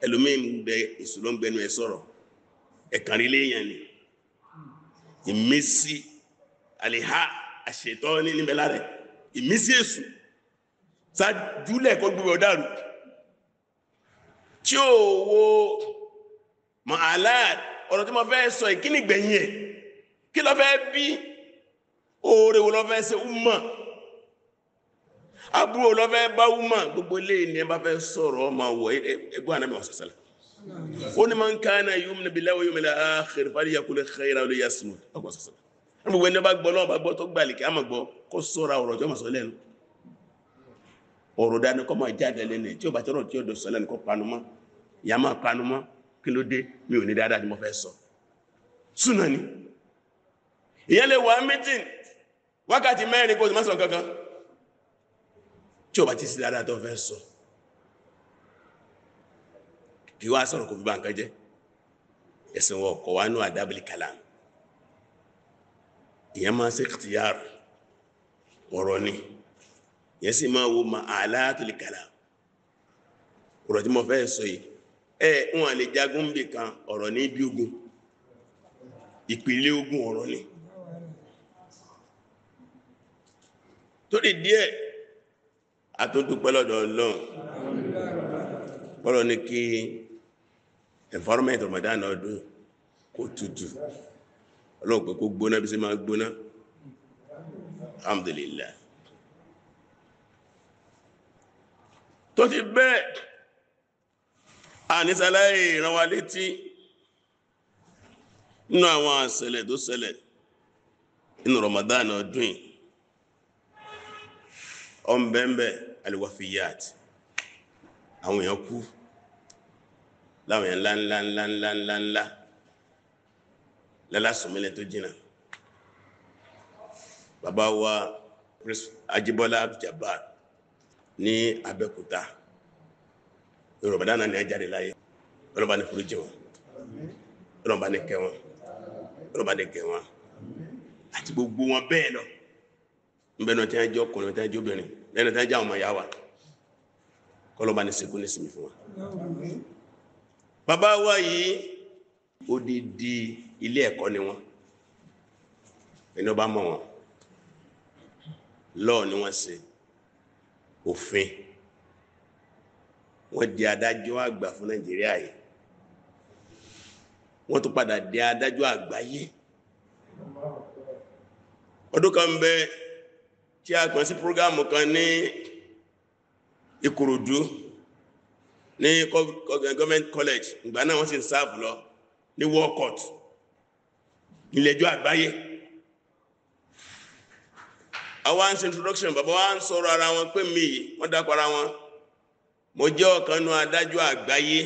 ẹlòmíín bẹ èso ló ń gbẹnu ẹ sọ̀rọ̀ ẹkànlélẹ yẹn ni ìmísí àlèhà àṣetọ ní níbẹ̀ lára ìmísí èso sájúlẹ kó gbogbo ọdarù tí ó wo màálà ọ̀rọ̀ tí mo fẹ́ sọ ìkíni gbẹ̀yìn ẹ̀ kí ló fẹ́ bí oore wo ló fẹ́ ṣe ó mọ̀ àbúrò lọ́fẹ́ bá wúmọ̀ gbogbo ilé ìní bá fẹ́ sọ̀rọ̀ ọmọ wọ̀ ẹgbẹ́ àná mẹ́wàá sọ̀sẹ̀lẹ̀ ó ní máa ń ká náà yóò mú bilawo yóò mẹ́lẹ̀ ààkìrì fàdí yakule xeyra olè yasinu ọgbà sọ̀sẹ̀lẹ̀ gbogbo ẹni bá gbọ́ lọ́wọ́ bá gbọ́ tó gbà lìkì àmà gbọ́ kó sọ̀ra ọ̀rọ̀ jọ́ màsọ̀ lẹ́nu ọ̀rọ̀ dání kọ́ máa jáde lẹ́nu tí ó bá tọrọ tí ó dọ̀ sọ lẹ́nu kọ́ panumọ́ ìyá máa panumọ́ kí ló dé mi ò ní dáadáa ni mo fẹ́ sọ súnà ni ìyẹn lè wákàtí mẹ́rin kó o ti má sọ kankan tí o bá ti sí dáadáa tó fẹ́ sọ kí wá sọ̀rọ̀ kò fi bá nǹkan jẹ́ ẹ̀sìn wọ̀ kọ̀ wá nù àdábìlì kalam ìyẹn máa ṣe kìtìyàrù ọ̀rọ̀ ni ìyẹn sì máa wo ma àlàátìlì kalam ọ̀rọ̀ tí mo fẹ́ sọ yìí ẹ wọn lè jagun ń bì kan ọ̀rọ̀ ní ibi ogun ìpìlẹ̀ ogun ọ̀rọ̀ ni torí díẹ̀ àtúndúpẹ́ lọ́dọ̀ ọlọ́run bọ́lọ̀ ní kí environment Ramadan ọdún kó tutù ọlọ́run pé kó gbóná bí sí máa gbóná alhamdulillah tó ti bẹ́ẹ̀ ànísàláì ìrànwà létí nínú àwọn àṣẹlẹ̀ tó ṣẹlẹ̀ nínú Ramadan ọdún yìí ọ̀nbẹ̀ẹ̀mbẹ̀ aliwafiyat àwọn èèyàn kú láwọn èèyàn ńláńláńláńláńlá lálásùnmílẹ̀ tó jìnà bàbá wa Ajíbọ́lá Jabbar ní Abẹ́òkúta Yorùbá dáná ni a jáde láyé ọlọ́ba ní foríjì wọn ọlọ́ba ní kẹwọn ọlọ́ba ní kẹwọn àti gbogbo wọn bẹ́ẹ̀ lọ nbẹnu tí wọn jẹ ọkùnrin tí wọn jẹ obìnrin lẹnu tí wọn jẹ àwọn ọmọ ìyá wa kọlọba ní sekú ní sinmi fún wa. bàbá wa yìí odidi ilé ẹ̀kọ́ ni wọn ẹni ọba mọ̀ wọn lọ́ọ̀ ni wọ́n ṣe òfin wọ́n di adájọ́ àgbà fún nàìjíríà yìí wọ́n tún padà di adájọ́ àgbáyé ọdún kan bẹ́ẹ̀ tí a kàn sí prógámù kan ní Ìkòròdú ní government college ìgbà náà wọ́n sì ń sáàbù lọ ní World Court ilẹ̀jọ́ àgbáyé àwọn ṣe introduction bàbá wa ń sọ̀rọ̀ ara wọn pé mi wọ́n dákọ̀ ara wọn mo jẹ́ ọ̀kan nu adájọ́ àgbáyé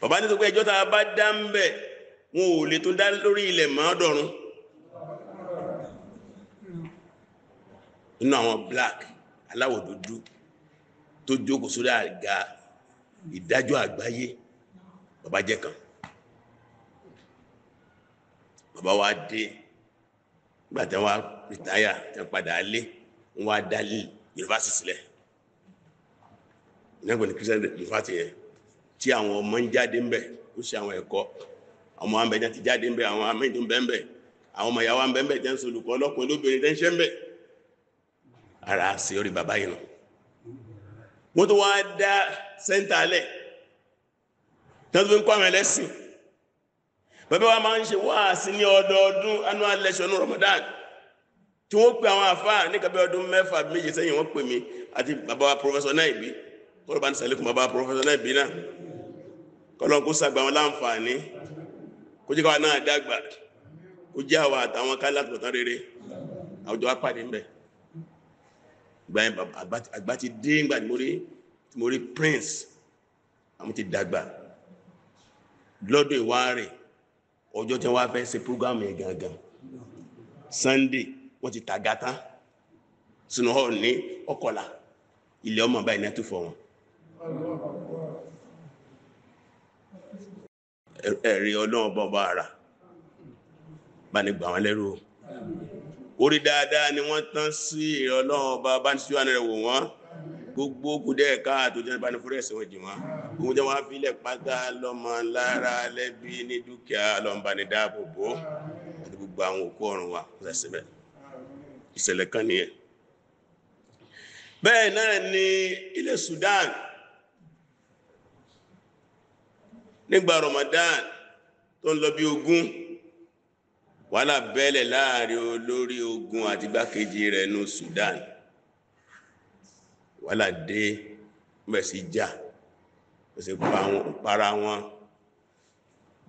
bàbá nítorí pé ẹjọ́ bá dá ń bẹ̀ wọn ò lè tún dá lórí ilẹ̀ mọ́ dọ̀run nínú àwọn black aláwọ̀ dúdú tó jókòó sórí àga ìdájọ́ àgbáyé bàbá jẹ́ kan bàbá wa dé gbàtà wa rìtáyà tẹ́ padà alé wọ́n wá dá yunifásitì sílẹ̀ ìnáwó ní christian yunifásitì yẹn tí àwọn ọmọ ń jáde ń bẹ̀ ó ṣe àwọn ẹ̀kọ́ àwọn ọmọ àmì ti jáde ń bẹ̀ àwọn àmì tó ń bẹ̀ àwọn ọmọ ìyàwó àmì bẹ̀ ń bẹ̀ tẹ́ ọlọ́kùnrin lóbìnrin tẹ́ ń ṣẹ́ ń bẹ̀ ara sí orí bàbá yìí nù wọ́n tó wá dá sẹ́ńtà lẹ̀ tẹ́tù ń kọ́ àwọn ẹlẹ́sìn bàbá wa máa ń ṣe wáàsí ní ọdọọdún annual election Ramadan tí wọ́n pè àwọn àfáà ní kàbí ọdún mẹ́fà méje sẹ́yìn wọ́n pè mí àti bàbá wa professor Naibi kọ́lọ́ bá ń sàlékún bàbá wa professor Naibi náà kọ́lọ́ kó sàgbà wọn láǹfààní kó jẹ́ káwa náà dàgbà kó jẹ́ àwa àtàwọn kálá tó rere àwùjọ wa pàdé ń ìgbà yẹn ti dé ńgbà tí mo rí prince àwọn ti dàgbà lọ́dún ìwá rẹ̀ ọjọ́ tí wọ́n fẹ́ ṣe program yẹn gangan sunday wọ́n ti tàgátá sínú hall ní ọkọ̀lá ilẹ̀ ọmọ báyìí náà tó fọ wọn. ẹ̀rí ọlọ́run ara bá ní gbà wọn lẹ́rú orí dáadáa ni wọ́n tán sí Ọlọ́run ọba bá ní síwájú rẹ̀ wò wọ́n gbogbo kùdẹ́ káàtó jẹ́ bá ní fúrẹ́sì wọn jì wọ́n gbogbo jẹ́ wọ́n fílẹ̀ pátá lọ́mọ lára lẹ́bí ní dúkìá lọ́mbà ní dáàbòbò àti gbogbo àwọn òkú ọ̀run wa lẹ́sẹ̀bẹ̀ ìṣẹ̀lẹ̀ kan nìyẹn bẹ́ẹ̀ náà ni ilẹ̀ Sudan nígbà Ramadan tó ń lọ bí ogún wàhálà bẹ́lẹ̀ láàrin olórí ogun àti gbákejì rẹ̀ ní Sudan wàhálà dé bẹ̀ sí jà bẹ̀ sí para wọn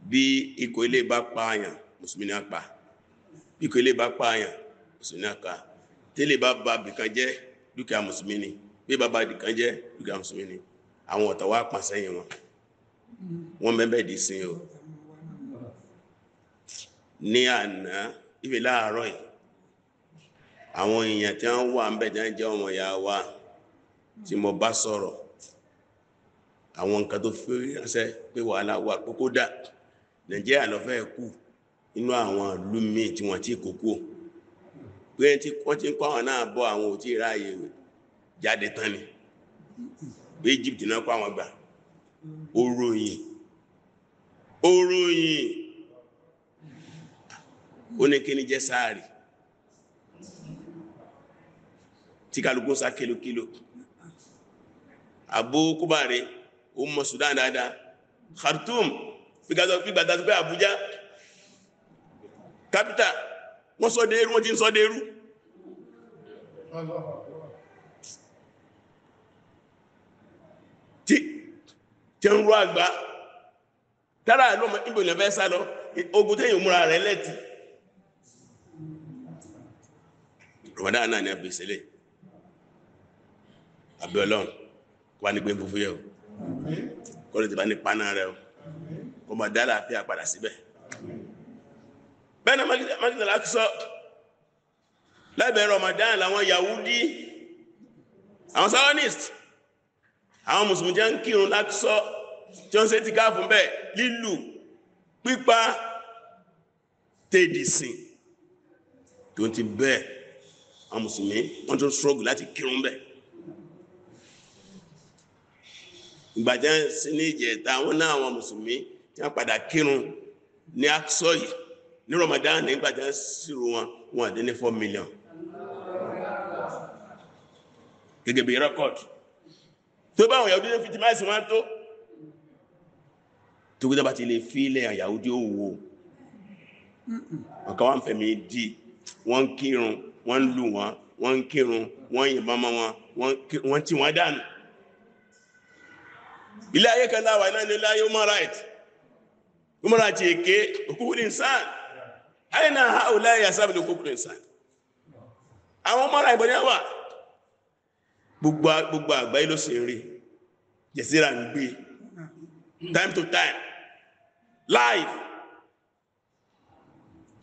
bí ikọ̀ ilé bá pààyàn mùsùlùmí náà pa bí ikọ̀ ilé bá pààyàn mùsùlùmí náà ka tẹ́lẹ̀ bá ba bìkan jẹ́ dúkìá mùsùlùmí ni bí bàbá bìkan jẹ́ dúkìá mùsùlùmí ni àwọn ọ̀tá wá pàṣẹ́yìn wọn wọ́n mẹ́bẹ̀ẹ́dì sin o. ní àná ibi láàárọ̀ yìí àwọn èèyàn tí wọ́n wà ń bẹ̀ tí ọmọ ìyá wa tí mo bá sọ̀rọ̀ àwọn nǹkan tó fi ránṣẹ́ pé wàhálà wà kókó dà nàìjíríà lọ́fẹ́ kù nínú àwọn ìlú tí ti kókó pé tí wọ́n ti ń kọ́ àwọn náà bọ́ àwọn òtí ráàyè jáde tán ni pé Egypt náà kọ́ àwọn gbà oròyìn ó ní kí ní jẹ́ sáàrì tí kálukú sá kílòkílò àbó kúbà rẹ̀ ó mọ̀ Sudan dáadáa Khartoum pígbàtà pígbàtà pé Àbújá kápítà wọ́n sọ déérú wọ́n ti ń sọ déérú tí tí ń rú àgbà tára lọ́mọ ìbò ìlẹ̀fẹ́ sá ogun tẹ́yìn múra rẹ̀ lẹ́tìí ramadan náà ní abẹ́ ìṣẹ̀lẹ̀ abẹ́ ọlọ́run kó bá ní gbé fúfú yẹ o kó lè ti bá ní paná rẹ o kó máa dá àlàáfíà padà síbẹ̀ bẹ́ẹ̀ náà mákìtà lákìsọ lábẹ́ ramadan làwọn yahudi àwọn zionist àwọn mùsùlùmí jẹ́ ń kírun lákìsọ tí wọ́n ń ṣe ti káàfù bẹ́ẹ̀ lílù pípa tèdìsìn tó ti bẹ́ẹ̀ àwọn mùsùlùmí wọ́n tún struggle láti kírun bẹ́ẹ̀. ìgbàjá sí ní ìjẹta wọn náà àwọn mùsùlùmí tí wọ́n padà kírun ní aksọ yìí ní Ramadan ní ìgbàjá sírò wọn wọn àdé ní four million gẹ́gẹ́ bí rẹ́kọ̀dì tó bá àwọn Yahudi fi ti máa sì wọ́n tó tó gbé dábàá ti lè fi ilẹ̀ Yahudi ó wo ọ̀kan wọn fẹ̀mí di wọ́n kírun wọ́n wọ́n wọ́n kírun wọ́n yìnbọn wọn wọ́n tí dànù ilé ayé kan láwà iná ní ayé human right human rights èké òkúkúrú ìsàn àìnà ha ò láyé àsábì ní òkúkúrú ìsàn àwọn human right bọ́ni wà gbogbo àgbáyé ló sì rí jẹ̀síra time to time live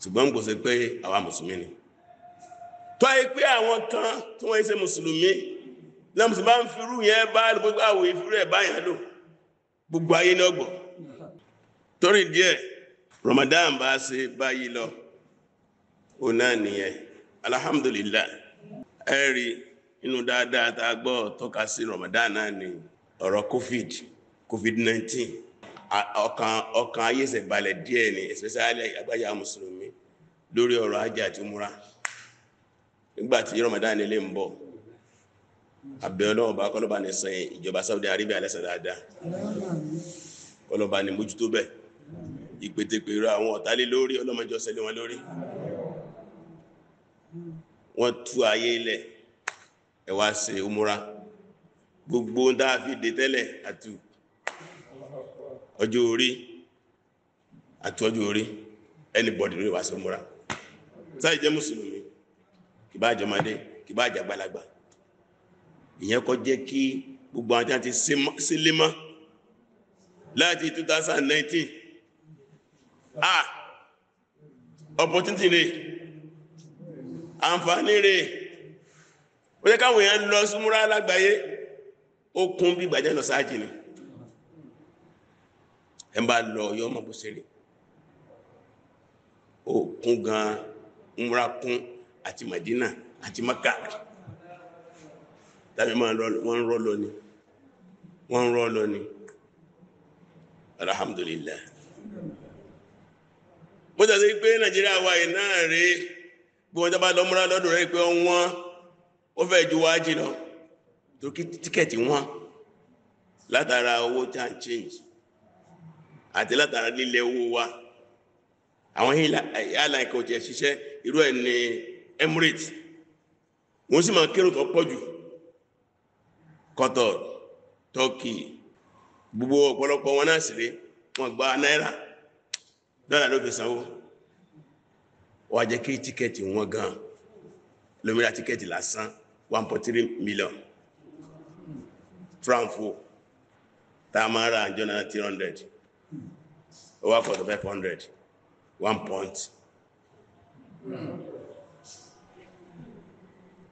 ṣùgbọ́n kò pé àwa tó ayé àwọn kan tí wọ́n ṣe mùsùlùmí lọ́mùsùn bá ń firú yẹn bá gbogbo àwò ìfirú báyàn lò gbogbo ayé ní ọgbọ̀ torí díẹ̀ Ramadan bá ṣe báyìí lọ ò náà nìyẹn alhamdulillah ẹ rí inú dáadáa tá a gbọ́ tọ́ka sí Ramadan náà ni ọ̀rọ̀ covid covid-19 ọkàn ọkàn ayé ṣe balẹ̀ díẹ̀ ni especially àgbáyà mùsùlùmí lórí ọ̀rọ̀ ajé àti múra nígbàtí Ramadan ilé ń bọ̀ àbẹ̀ ọlọ́run bá kọ́lọ́bà ní sẹ ìjọba Saudi Arabia lẹ́sẹ̀ dáadáa kọ́lọ́bà ní mójútó bẹ̀ ìpètèpèrò àwọn ọ̀tálé lórí ọlọ́mọjọ́ sẹ́lé wọn lórí wọ́n tú ayé ilẹ̀ ẹ wá ṣe umura gbogbo dáàfíde tẹ́lẹ̀ àtù ọjọ́ orí àtù ọjọ́ orí anybody ló wá ṣe umura sáà ìjẹ́ mùsùlùmí ìbá àjọmọdé ìbá àjàgbàlagbà ìyẹn kọ́ jẹ́ kí gbogbo àwọn tí a ti sílé láti 2019 ah opportunity rẹ̀ àǹfààní rẹ̀ ó jẹ́ káwọn èèyàn lọ súnmúra lágbàáyé ó kún bí ìgbàjẹ́ lọ sáájì ni ẹ bá lọ yọ ọmọ bó ṣe rí ó kún gan-an múra kún àti Madina àti Maka tàbí wọ́n rọ́ lọ ni wọ́n rọ́ lọ ni alhamdulillah bó tàbí pé Nàìjíríà wà náà rí bí wọ́n tàbá lọ́múra lọ́dún rẹ̀ pé wọ́n ó fẹ́ ju wájì lọ tó kí tíkẹ̀tì wọ́n látara owó chan change àti látara lílẹ̀ owó wa àwọn airline kò jẹ́ ṣiṣẹ́ irú ẹ̀ Emirates wọ́n sì máa kérò tó pọ̀ Qatar Turkey gbogbo ọ̀pọ̀lọpọ̀ wọn náà sì rí wọn gba náírà dọ́là ló fi sanwó wọ́n á jẹ́ kí tíkẹ́ẹ̀tì wọn gan lómìnira tíkẹ́ẹ̀tì lásán one point three million franco tá a máa ra àjọ náà three hundred owó àkọ́tọ̀ five hundred one point. Mm.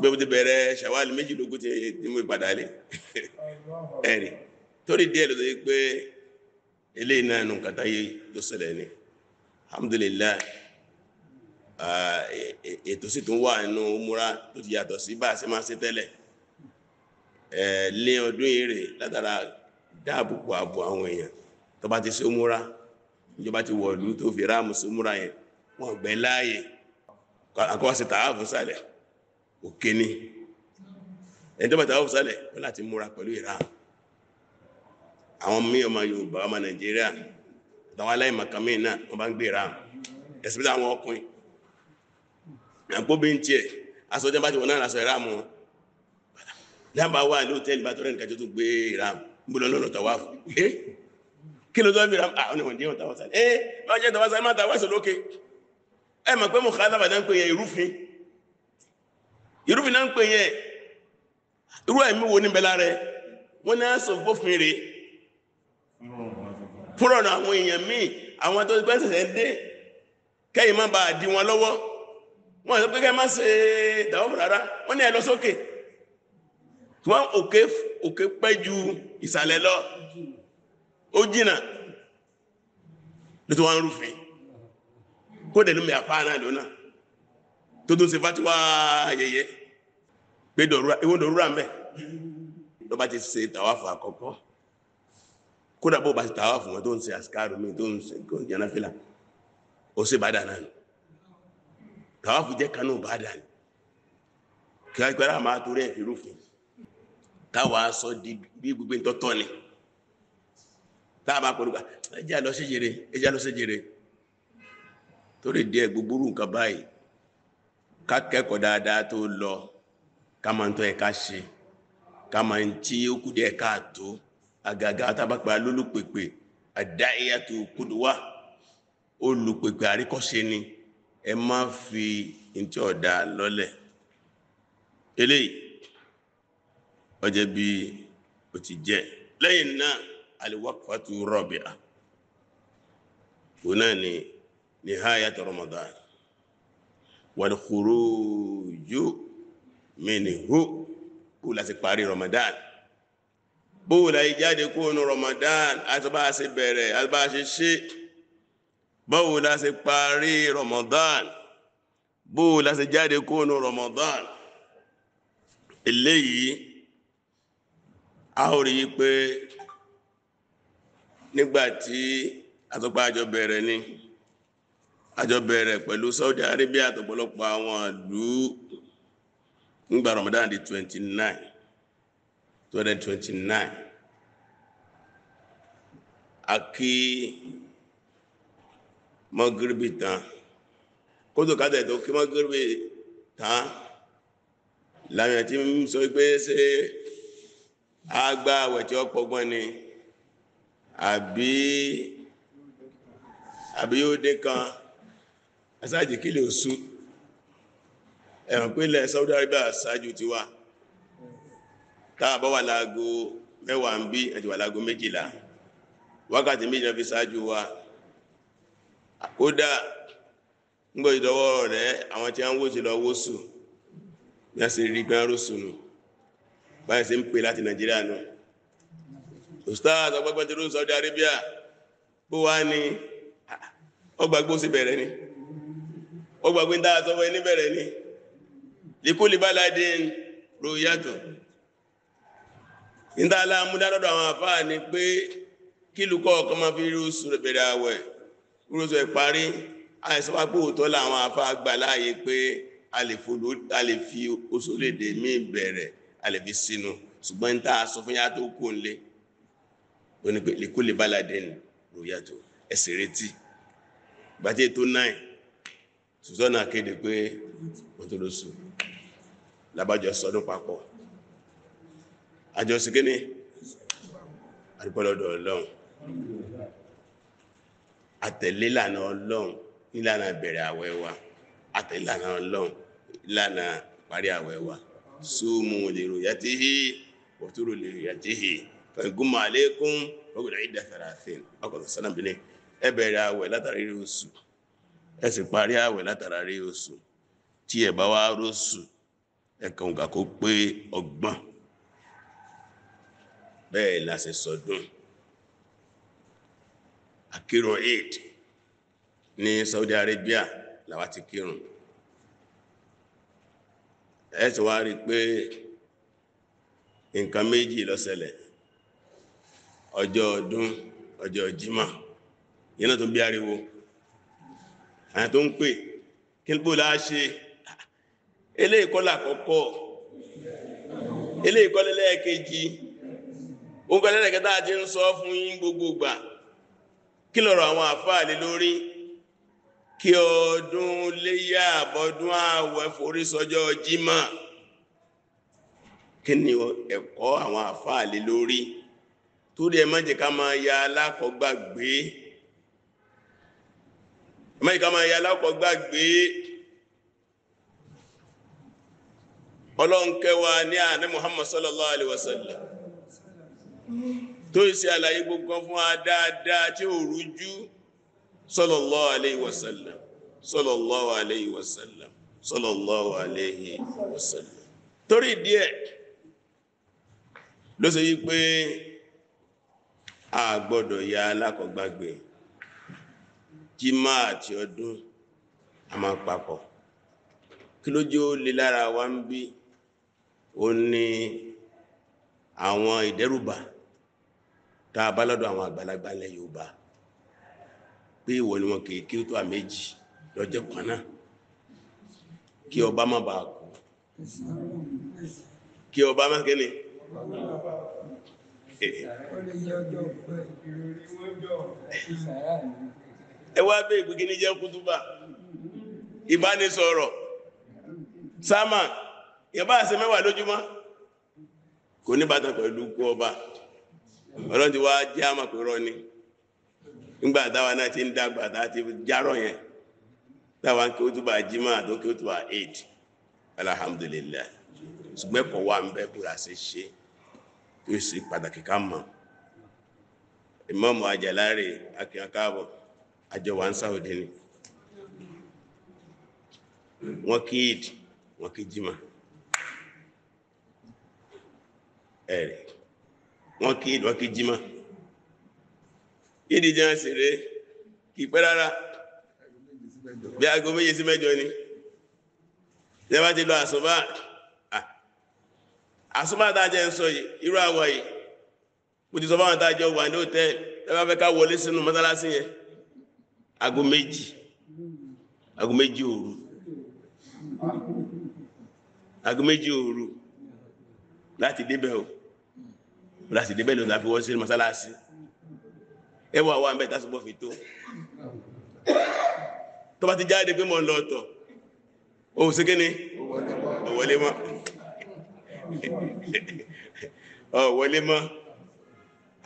gbé ti bẹ̀rẹ̀ ṣàwálì méjìlógún ti mú ìpadà lé ẹ̀rì torí díẹ̀ ló ti pé ilé náà nù kàtà yìí tó ṣẹlẹ̀ ni alhamdulillah e, e, ètò sì tún wà nínú múra tó ti yàtọ̀ sí bá a ṣe máa ṣe tẹ́lẹ̀ lé ọdún èrè látara dáàbòbò ààbò àwọn èèyàn tó bá ti ṣe múra ìjọba ti wọ̀lú tó fi ráàmù sí múra yẹn wọ́n gbẹ́ láàyè akọ́wàsí tààbù sálẹ̀ òkè ní ẹni tó bá tàwọn òsàlẹ̀ wọ́n láti múra pẹ̀lú ìran àwọn mí ọmọ Yorùbá ọmọ Nàìjíríà àtàwọn aláìmọ̀kànmí náà wọ́n bá ń gbé ìran ẹ̀sìnbílẹ̀ àwọn ọkùnrin àpóbí ń tiẹ̀ asọ́jọ́ bá ti wọ́n náà lásọ ìran wọn dábàá wà ní hòtẹ́ẹ̀lì bá tọ́rẹ́ nìkan tó tún gbé ìran gbọ́dọ̀ lọ́nà tọ́wá fún ẹ́ kí ló tó ń fi ìran àwọn ọ̀nà ìwọ̀n tàwọn sáré ẹ́ lọ́jọ́ tàwọn sáré má tàwọn sọ lókè ẹ̀ mọ̀ irúfin náà ń pè yẹn irú ẹ̀mí wo níbẹ̀ lára ẹ wọ́n ní àṣọ gbófin rè fúrọ̀nà àwọn èèyàn míì àwọn tó gbẹ́ sẹ̀sẹ̀ dé kẹ́yìn má bàa di wọn lọ́wọ́ wọ́n sọ pé kẹ́yìn má ṣe dàwọ́ rárá wọ́n ní ẹ lọ sókè tí wọ́n òkè òkè pẹ́ ju ìsàlẹ̀ lọ ó jìnà lótú wọn rúfin kó dẹ̀ ló mẹ́ àpá náà lónà tó tó ṣe fatiwa yẹyẹ pé ìwọ dọ̀rúra ń bẹ̀ tó bá ti ṣe tàwáfù àkọ́kọ́ kódà bó bá ti tàwáfù wọn tó ń ṣe àṣkárù mi tó ń ṣe jẹnafílà ó sì bá dáná ni tàwáfù jẹ́ kanú bá dáná kí wọ́n pẹ́lá máa torí ẹ̀ irúfin táwa sọ di bí gbogbo ń tọ́tọ́ ni táàbà pẹ̀lúgbà ẹjá lọ sí jèrè ẹjá lọ sí jèrè torí díẹ̀ gbogbo nǹkan báyìí ká kẹ́kọ̀ọ́ dáadáa tó lọ ká máa ń tọ́ ẹ̀ka ṣe ká máa ń tí ó kù díẹ̀ káàtó àgàgà àtàbàpà lólùpèpè àdáyàtò kúdùwà olùpèpè àríkọ́ṣe ni ẹ má fi ntí ọ̀dà lọ́lẹ̀ eléyìí ọjẹ́ bí ó ti jẹ́ lẹ́yìn náà aliwakfatu rọ́bìà òun náà ni nihayat Ramadan wal khuruju minihu bó láti parí Ramadan bó láti jáde kóònù Ramadan àtúbà sí bẹ̀rẹ̀ àtúbà sí ṣe báwo láti parí Ramadan bó láti jáde kóònù Ramadan eléyìí a ó rí pé nígbàtí àtúpá àjọ bẹ̀rẹ̀ ni àjọ bẹ̀rẹ̀ pẹ̀lú Saudi Arabia àtọ̀pọ̀lọpọ̀ àwọn ìlú ngba Ramadan di twenty nine two hundred twenty nine aki mọgiribi tán kótó kátà ètò kí mọgiribi tán làwọn ti ń sọ pé ṣé àgbà wẹ̀tí ọ̀pọ̀gbọ́n ni àbí àbí yóò dé kan asáàjì kí lè sùn. ẹ̀rùn pínlẹ̀ Saudi Arabia ṣáájú ti wá táàbọ̀ láago mẹ́wàá ń bí ẹ̀tì wà láago méjìlá wákàtí méjìlá fi ṣáájú wa kódà ńgbọ́ ìdọwọ́ rẹ̀ àwọn tí a ń wó lọ wó rí likuli baladin ruyatu ìdálá múdádọ́dọ̀ àwọn àfáà ni pé kílùkọ́ ọ̀kan máa fi rúsù bẹ̀rẹ̀ àwẹ̀ rúsù ìparí àìsànwápò tó láwọn àfáà gbà láàyè pé a lè fi oṣù léde mí bẹ̀rẹ̀ a lè fi sínú ṣùgbọ́n tá a sọ fún yá tó kó nlé ó ní pé likuli baladin ruyatu ẹ̀sìn retí gbàtí ètò 9 sùsọ́nà kéde pé wọ́n tó lóṣù lábájọ sọdún papọ̀ àjọsí kíní àdúpọ̀lọ́dọ̀ ọlọ́run àtẹ̀lélànà ọlọ́run nílànà bẹ̀rẹ̀ àwẹ̀ wa àtẹ̀lélànà ọlọ́run nílànà parí àwẹ̀ wa súnmù lèrò yàtíhì wọ̀túrò lèrò yàtíhì fẹ̀gúnmọ̀ àlékún ọgbọ̀dọ̀ ìdá fẹ̀ràfin ọkọ̀tọ̀ sọ́nàbìnrin ẹ bẹ̀rẹ̀ àwẹ̀ látàrí oṣù ẹ sì parí àwẹ̀ látàrí oṣù ẹ̀kan ògbà kó pé ọgbọ̀n bẹ́ẹ̀ la ṣe sọdún akírun eid ní Saudi Arabia làwa ti kírun ẹ ti wá rí pé nǹkan méjì ló ṣẹlẹ̀ ọjọ́ ọdún ọjọ́ jímà yẹn tó bí ariwo àwọn tó ń pè kí ló láá ṣe eléyìí kọ́ làkọ́kọ́ eléyìí kọ́ lẹ́lẹ́ẹ̀kejì òun kọ́ lẹ́lẹ́kẹta àti ń sọ fún yín gbogbogbà kí afọ àwọn àfáàlè lórí kí ọdún léyà àbọ̀dún ààwẹ̀ forí sọjọ́ jímà kí ni ẹ̀kọ́ àwọn àfáàlè lórí ẹ máa ya alákọ̀ọ́gbàgbé ẹ ọlọ́nkẹwa ní àná Muhammad sallallahu alaihi wasallam tó ìsẹ́ àlàyé gbogbo fún a dáadáa tí ó rújú sallallahu alaihi wasallam sallallahu alaihi wasallam sallallahu alaihi wasallam torí díẹ̀ ló ṣe yí pé a gbọ́dọ̀ ya alákọ̀gbàgbé jí máa àti ọdún a máa papọ̀ kí ló jẹ́ ó lè lára wa ń bí ó ní àwọn ìdẹ́rùbà tá a bá lọ́dọ̀ àwọn àgbàlagbà ilẹ̀ Yorùbá pé ìwọ ni wọn kìí kí ó tó à méjì lọ́jọ́ kan náà kí ọba má bàa kú kí ọba má kéne ẹ wá bẹ́ẹ̀ ní jẹ́ kútúbà ìbánisọ̀rọ̀ sáàmà ìyàbá àṣẹ mẹ́wàá lójúmọ́ kò ní bàtà pẹ̀lú kú ọba ọlọ́run ti wá jẹ́ àmà pé ni nígbà táwa náà ti ń dàgbà tá a ti járọ̀ yẹn táwa ń kí ó túbà jimá àti kí ó túbà aid alhamdulilayi ṣùgbọ́n ẹ̀kọ́ ń bẹ́ kúrò àṣẹ ṣe yóò sì pàtàkì ká mọ̀ Imam Ajalari akínyàkáàbọ̀ àjọ wa ń sáwọ́dé ni wọ́n kí aid wọ́n kí jimá. ẹ̀rẹ̀ wọ́n kí ìlú ọkí jímá ìdí jẹ́ ṣe rẹ̀ kì pẹ́ rárá bí aago méje sí mẹ́jọ ni lẹ́bàá ti lọ àsùnbà àsùnbà tá a jẹ́ ń sọ yìí irú àwọ̀ yìí mo ti sọ fáwọn tá a jọ wà ní hòtẹ́ẹ̀lì lẹ́bàá fẹ́ ká wọlé sínú mọ́sálásí yẹn aago méjì aago méjì òru aago méjì òru láti débẹ̀ o láti débẹ̀ lónìí àfi wọ́n sí mọ́sálásí ẹwọ́ àwọn àmì ìtàsùgbọ́ fi tó tó bá ti jáde pé mọ́ lọ́ọ̀tọ̀ ohun sí kíni ọ̀wọ́lé mọ́ ọ̀wọ́lé mọ́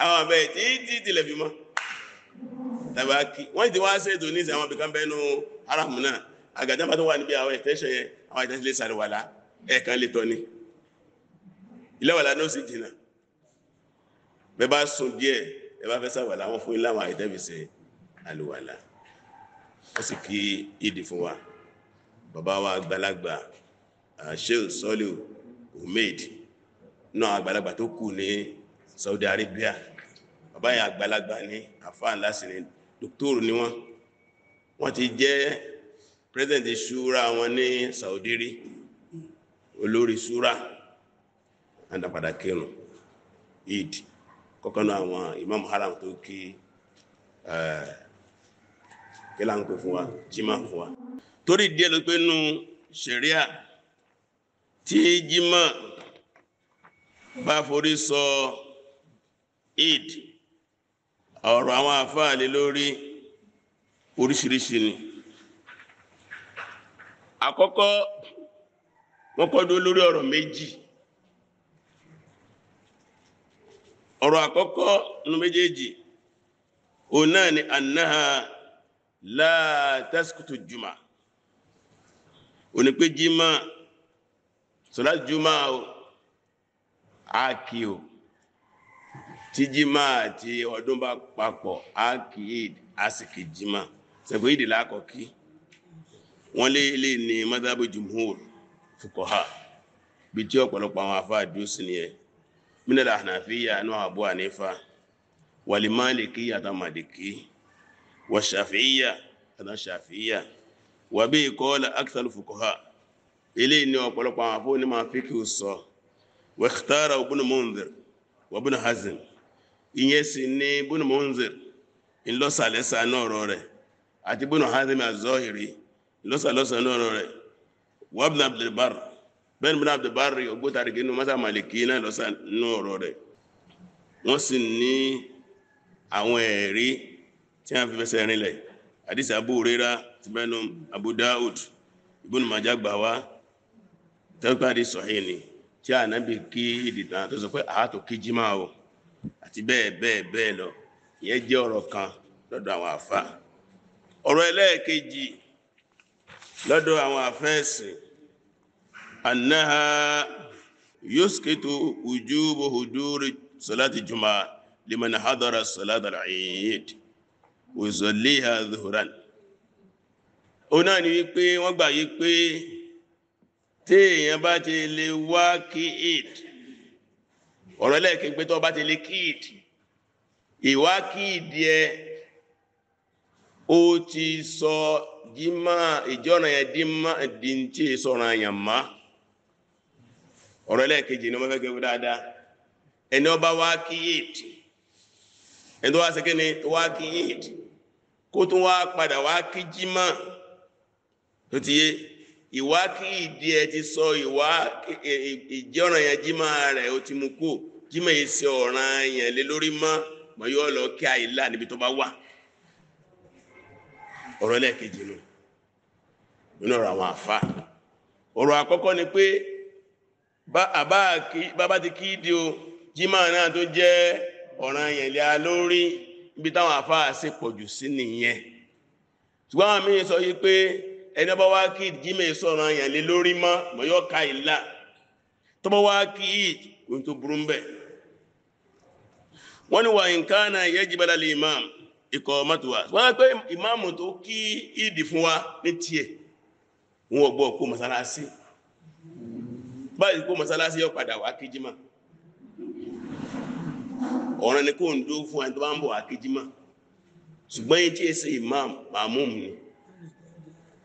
àwọn àmì títí tilẹ̀ fi mọ́ tàbákì wọ́n ti wá ṣètò ní ìsìn àwọn abìkan bẹ́nu aráàmù náà àgàjábà tó wà níbi àwọn ìtẹ́ṣẹ̀ yẹn àwọn ìtẹ́ṣẹ̀ lè sàrẹ̀wàlá ẹ̀ẹ̀kan lè tọ́ ni ilẹ̀wàlá náà sì jìnnà bẹ́ẹ̀ bá sùn díẹ̀ ẹ bá fẹ́ sàwàlà wọn fún yín láwọn àìdẹ́bìsẹ̀ àlùwàlà wọ́n sì kí ìdí fún wa bàbá wa àgbàlagbà Sheikh Soliu Umaid náà àgbàlagbà tó kù ní Saudi Arabia bàbá yẹn àgbàlagbà ní àfáà ńlá ni dókítòrò ni wọ́n wọ́n ti jẹ́ president ṣúra wọn ní Saudi rí olórí ṣúra àdàpadà kírun ìdí kọ́kọ́ náà àwọn imam haram tó kí kílá ń pè fún wa jímá fún wa torí díẹ̀ ló pé nú ṣẹ̀ríà tí jímá bá forí sọ eid ọ̀rọ̀ àwọn àfáàlè lórí oríṣiríṣi ni àkọ́kọ́ wọ́n kọ́ dúró lórí ọ̀rọ̀ méjì ọ̀rọ̀ àkọ́kọ́ nínú méjèèjì o náà ni annaha la taskutu juma o ní pé jímá sọ́lá juma o ákì o tí jímá àti ọdún bá papọ̀ ákì àsìkì jímá sẹ̀kọ̀ ìdí lákọ̀ọ́kí wọ́n lé ilé ní madhabu jumhur fuqaha bí tí ọ̀pọ̀lọpọ̀ àwọn àfáà dúró ni ẹ̀ minal ahnafiya anu abu hanifa wal malikiya ata maliki wa shafiya ata shafiya wa bi qala akthar fuqaha ilé ní ọ̀pọ̀lọpọ̀ àwọn afọ́ onímọ̀ fíkì sọ wa ikhtara ibn munzir wa ibn hazm ìyẹn sì ní ibn munzir ńlọ́sàlẹ́sà náà rọ rẹ̀ àti ibn hazm az-zahiri ńlọ́sàlọ́sà náà rọ rẹ̀ wa ibn abdul barr bẹ́ẹ̀ ni bí abdul bari ògbótarìgì nínú masa maliki náà lọ́sàn nínú ọ̀rọ̀ rẹ̀ wọ́n sì ní àwọn ẹ̀rí tí wọ́n fi fẹsẹ̀ rinlẹ̀ àdìsí abu rera ti bẹ́nu abu daud ibùn maja gbà wá tẹ́lifíàdì sọ̀hìn ni tí ànábì kí ìdìtàn tó sọ pé àátò kí jimá o àti bẹ́ẹ̀ bẹ́ẹ̀ bẹ́ẹ̀ lọ ìyẹn jẹ́ ọ̀rọ̀ kan lọ́dọ̀ àwọn àfa ọ̀rọ̀ ẹlẹ́ẹ̀kejì lọ́dọ̀ àwọn àfẹ́ẹ̀sìn أنها يسكت وجوب حضور صلاة الجمعة لمن حضر صلاة العيد ويصليها ظهرا ọ̀nà ni wípé wọ́n gbà yí pé téèyàn bá ti lè wá kí ìd ọ̀rọ̀ ẹlẹ́ẹ̀kẹ́ pé tó bá ti lè kí ìd ìwá kí ìd ẹ ó ti sọ jímọ̀ ìjọ́ràn yẹn dín tí sọ̀ràn yẹn máa ọ̀rọ̀ ẹlẹ́ẹ̀kejì ni wọ́n fẹ́ gẹ́gẹ́ dáadáa ẹni ọba wá kí yéèdì ẹni tó wá sẹ́kẹ́ ni wá kí yéèdì kó tún wá padà wá kí jímọ̀ tó ti yé ìwá kí ìdí ẹ ti sọ ìwá ìjẹ́ ọ̀ràn yẹn jímọ̀ rẹ̀ ó ti mú kú jímọ̀ yìí ṣe ọ̀ràn yẹn lé lórí mọ́ mọ̀ yóò lọ kí àìlà níbi tó bá wà ọ̀rọ̀ ẹlẹ́ẹ̀kejì nù ọ̀rọ̀ àwọn àfa ọ̀rọ̀ àkọ́kọ́ ni pé bàbá ti kí di o jímà náà tó jẹ́ ọ̀ràn yẹ̀lẹ́ lórí ibi táwọn àfáà sí pọ̀jù sí nìyẹn ṣùgbọ́n àmì sọ yí pé ẹni bá wá kí jímà sọ̀ràn yẹ̀lẹ́ lórí mọ́ mọ̀yọ́ ka ìlà tó bá wá kí yìí kò tó burú ń bẹ̀ wọ́n ní wà nǹkan náà yẹ́ jìbẹ́lá lè imam ikọ̀ mọ́tòwà wọ́n pé ìmáàmù tó kí ìdì fún wa ní tiẹ̀ wọn ò gbọ́ kó mọ́sálásí báyìí kó mọ́sálásí yọ padà wá kíjímà ọ̀ràn ni kó ń dó fún ẹni tó bá ṣùgbọ́n tí èsì imam mahmum o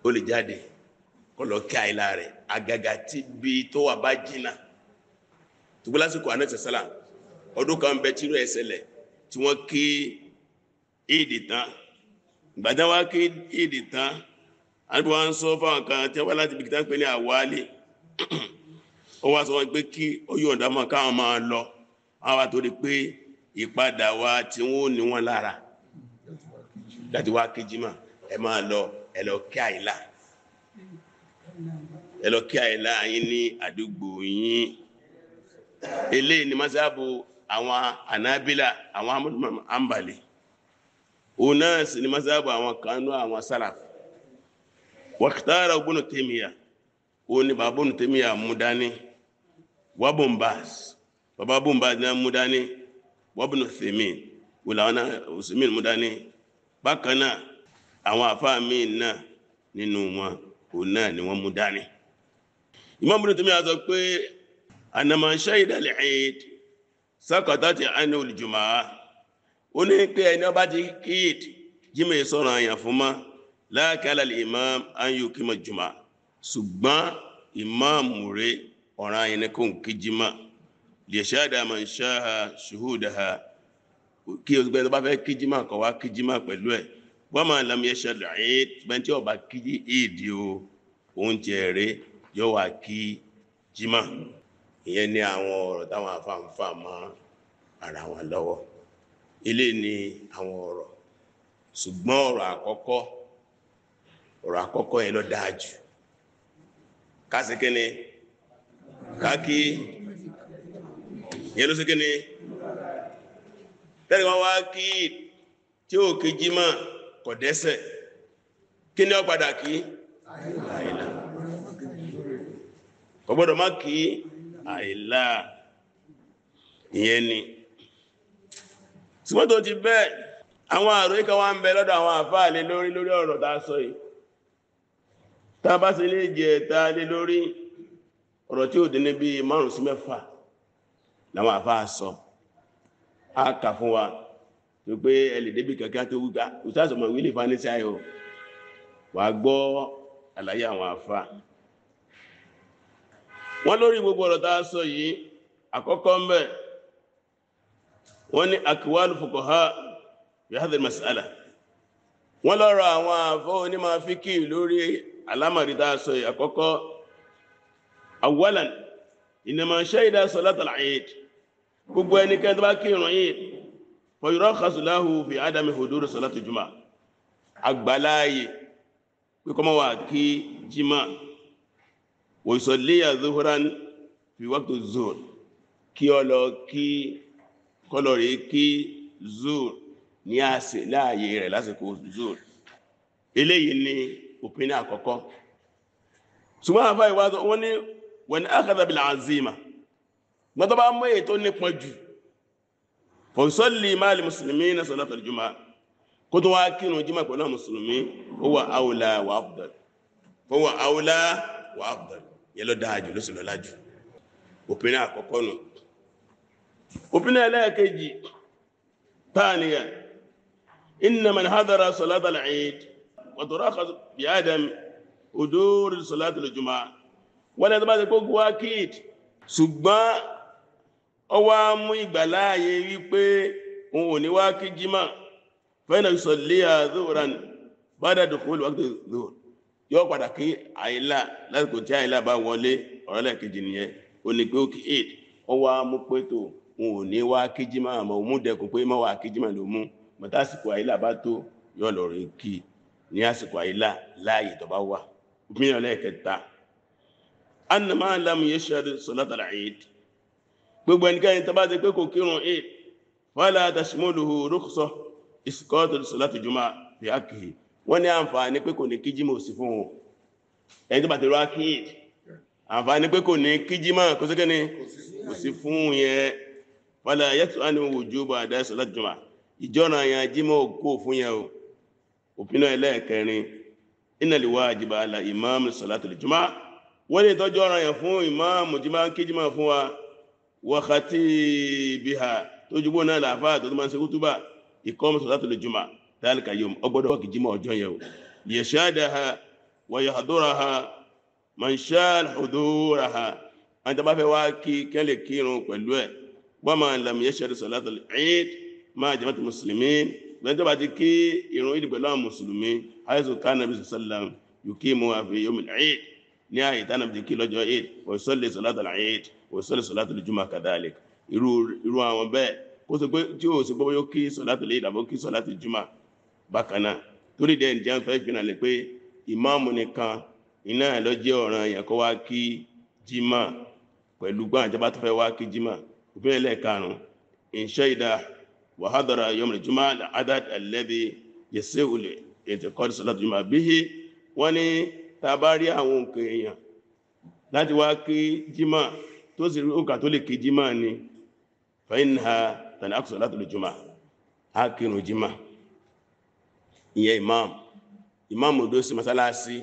ó lè jáde kó lọ kí àìlá rẹ̀ àgàgà tí bí tó wà bá jìnnà tùgbọ́n lásìkò ọdún kan bẹ tí irú tí wọ́n kí ìdì tán ìgbàdá wá kí ìdì tán àdúgbò wọn sọ fáwọn kan tí wọ́n wá láti bìkítà ní àwálé ó wá sọ pé kí ó yọ̀ǹda mọ́ káwọn máa lọ wọ́n wá torí pé ìpadà wa tí wọ́n ní wọn lára láti wá kíjímà ẹ máa lọ ẹ àìlà ẹ àìlà yín ní àdúgbò yín eléyìí ni masáàbù àwọn anábílà àwọn ambali òun náà sì ni masáàbù àwọn kanú àwọn sálàfù wàkítàrà Ibn Taymiyyah òun ni bàbá Ibn Taymiyyah mú dání wa bombas baba bombas náà mú dání wabnu themin wòláwọn òsèmín mú dání bákan náà àwọn àfáà míì náà nínú wọn òun náà ni wọ́n mú dání Imam Ibn Taymiyyah sọ pé anama shahida al-eid sakatati anhu al-jumu'ah ó ní pé ẹni ọba ti kí eid jímọ̀ sọ̀rọ̀ àyàn fún la kala al-imam an yuqima al-jumu'ah ṣùgbọ́n ìmáàmù rẹ̀ ọ̀ràn àyìn ní kò ń kíjí mà lè ṣáàdà máa ń ṣá ha ṣùhúdà ha kí ọgbẹ́ tó bá fẹ́ kíjí mà kọ̀ wá kíjí mà pẹ̀lú lam o oúnjẹ rẹ̀ yọ wá kí jimá ìyẹn ní àwọn ọ̀rọ̀ táwọn ara wọn lọ́wọ́ ni àwọn ọ̀rọ̀ ṣùgbọ́n ọ̀rọ̀ àkọ́kọ́ ọ̀rọ̀ àkọ́kọ́ yẹn ló káàkì yẹn ló sí kíni tẹ́lẹ̀ wọ́n wá kí tí ó kejì máa kọ̀ dẹ́sẹ̀ kí ni ó padà kí àìlà kò gbọ́dọ̀ má kí àìlà ìyẹn ni ṣùgbọ́n tó ti bẹ́ẹ̀ àwọn àrùn ikọ̀ wá ń àwọn lé lórí lórí tá a sọ yìí tá a bá lè jẹ lé lórí ọ̀rọ̀ tí ó dé bí márùn sí mẹ́fà láwọn àfá sọ á fún wa tó pé ẹlẹ̀ débi kẹ́kẹ́ tó wúgbà wílì ayọ̀ wà gbọ́ àlàyé àwọn àfá wọ́n lórí gbogbo ọ̀rọ̀ tá sọ yìí àkọ́kọ́ mbẹ̀ wọ́n ni akiwalu mas'ala wọ́n lọ́rọ̀ àwọn àfọ́ onímọ̀ fíkì lórí tá sọ yìí àkọ́kọ́ awalan innama shahida salatal eid gbogbo ẹnikẹ́ni tó bá kírun eid fa yurakhasu lahu fi adami huduri salatul juma agbáláyè pé kọ́mọ́ wà kí jimá wa yusalliya zuhuran fi waqtu zuhur kí ọ lọ kí kọlọ̀rí kí zuhur ní àsè láàyè rẹ̀ lásìkò zuhur eléyìí ni òpin àkọ́kọ́ ṣùgbọ́n àfáà ìwádọ́ wọ́n ní wọ́n ní akhadha bil azima gbọ́dọ̀ bá mú èyí tó nípọn jù fọ̀nsọ́lì máàlì mùsùlùmí na salata al-juma kó tó wá kírun jimá pẹ̀lú àwọn mùsùlùmí huwa awla wa afdal huwa awla wa afdal yẹ lọ dáa jù ló sì lọ lájú òpin àkọ́kọ́ nù òpin ẹlẹ́ẹ̀kejì ثانيا إن من حضر صلاة العيد وتراخص بآدم أدور صلاة الجمعة wọ́n lẹ́tọ́ bá ti kó gùn akid ṣùgbọ́n ó wá mú ìgbàláàyè wípé òun ò ní wá kí jímà fẹ́nà sọ̀lẹ́ àzóran bada dukhul waqti zuhur yóò padà kí àìlà lásìkò tí àìlà bá wọlé ọ̀rọ̀ lẹ́ẹ̀kejì nìyẹn ó ní pé ó kí eid ó wá mú pé tó òun ò ní wá kí jímà àmọ́ òun mú dẹkùn pé má wá kí jímà ló mú mọ̀tásìkò àìlà bá tó yóò lọ rí kí ní àsìkò àìlà láàyè tó bá wà òfin anamá lam yashhad salat al-eid gbogbo ẹnikẹ́ni tó bá ti pé kò kírun eid fala tashmuluhu rukhsa isqat salat al-jumu'ah fi haqqi wọ́n ní àǹfààní pé kò ní kí jímọ̀ sí fún ti rọ akí eid àǹfààní pé kò ní kí jímọ̀ kó sí kẹ́ni kò sí fún yẹn fala yat'anu wujuba ada salat al-jumu'ah ìjọ́ra yẹn jímọ̀ kó fún yẹn o òpinnu ẹlẹ́ẹ̀kẹrin innal wajiba ala imam salat al-jumu'ah wọ́n lè tọ́jú ọ̀ràn yẹn fún ìmáàmù tí máa ń kéjì máa fún wa wákàtí bíhà tó jùgbọ́n náà làáfà tó tó máa ń ṣe kútúbà ìkọ́mù sọ̀tà tó lè jùmọ̀ dáàlìkà yom ọgbọ́dọ̀ wọ́n kìjì máa ọjọ́ yẹn o yẹ ṣáàdà ha wọ́n yẹ àdúrà ha man shal hudura ha àwọn ìjọba fẹ́ wá kí kẹ́lẹ̀ kírun pẹ̀lú ẹ̀ wọ́n máa ń lam yẹ́ṣẹ́ sọ̀tà tó lè ní ààyè tánàbìtì kí lọ́jọ́ eid òṣìṣọ́lẹ̀ sọ́látàlá eid òṣìṣọ́lẹ̀ sọ́látàlá jùmọ̀ kadalik irú àwọn bẹ́ẹ̀ kó sọ pé tí ó sì gbọ́ yóò kí sọ́látàlá eid àbọ̀ kí sọ́látàlá jùmọ̀ bákan náà torí dẹ́ ǹjẹ́ ń fẹ́ fìràn lè pé ìmáàmù nìkan iná ẹ̀ lọ́jẹ́ ọ̀ràn yẹn kó wá kí jimá pẹ̀lú gbọ́n àjọba tó fẹ́ wá kí jimá òfin tá a bá rí àwọn nǹkan èèyàn láti wá kí jimá tó sì rí òǹkà tó lè kí ni fẹ́ǹhà tàní àkùsọ̀ láti lè á kírun imam imam odó sí masalasi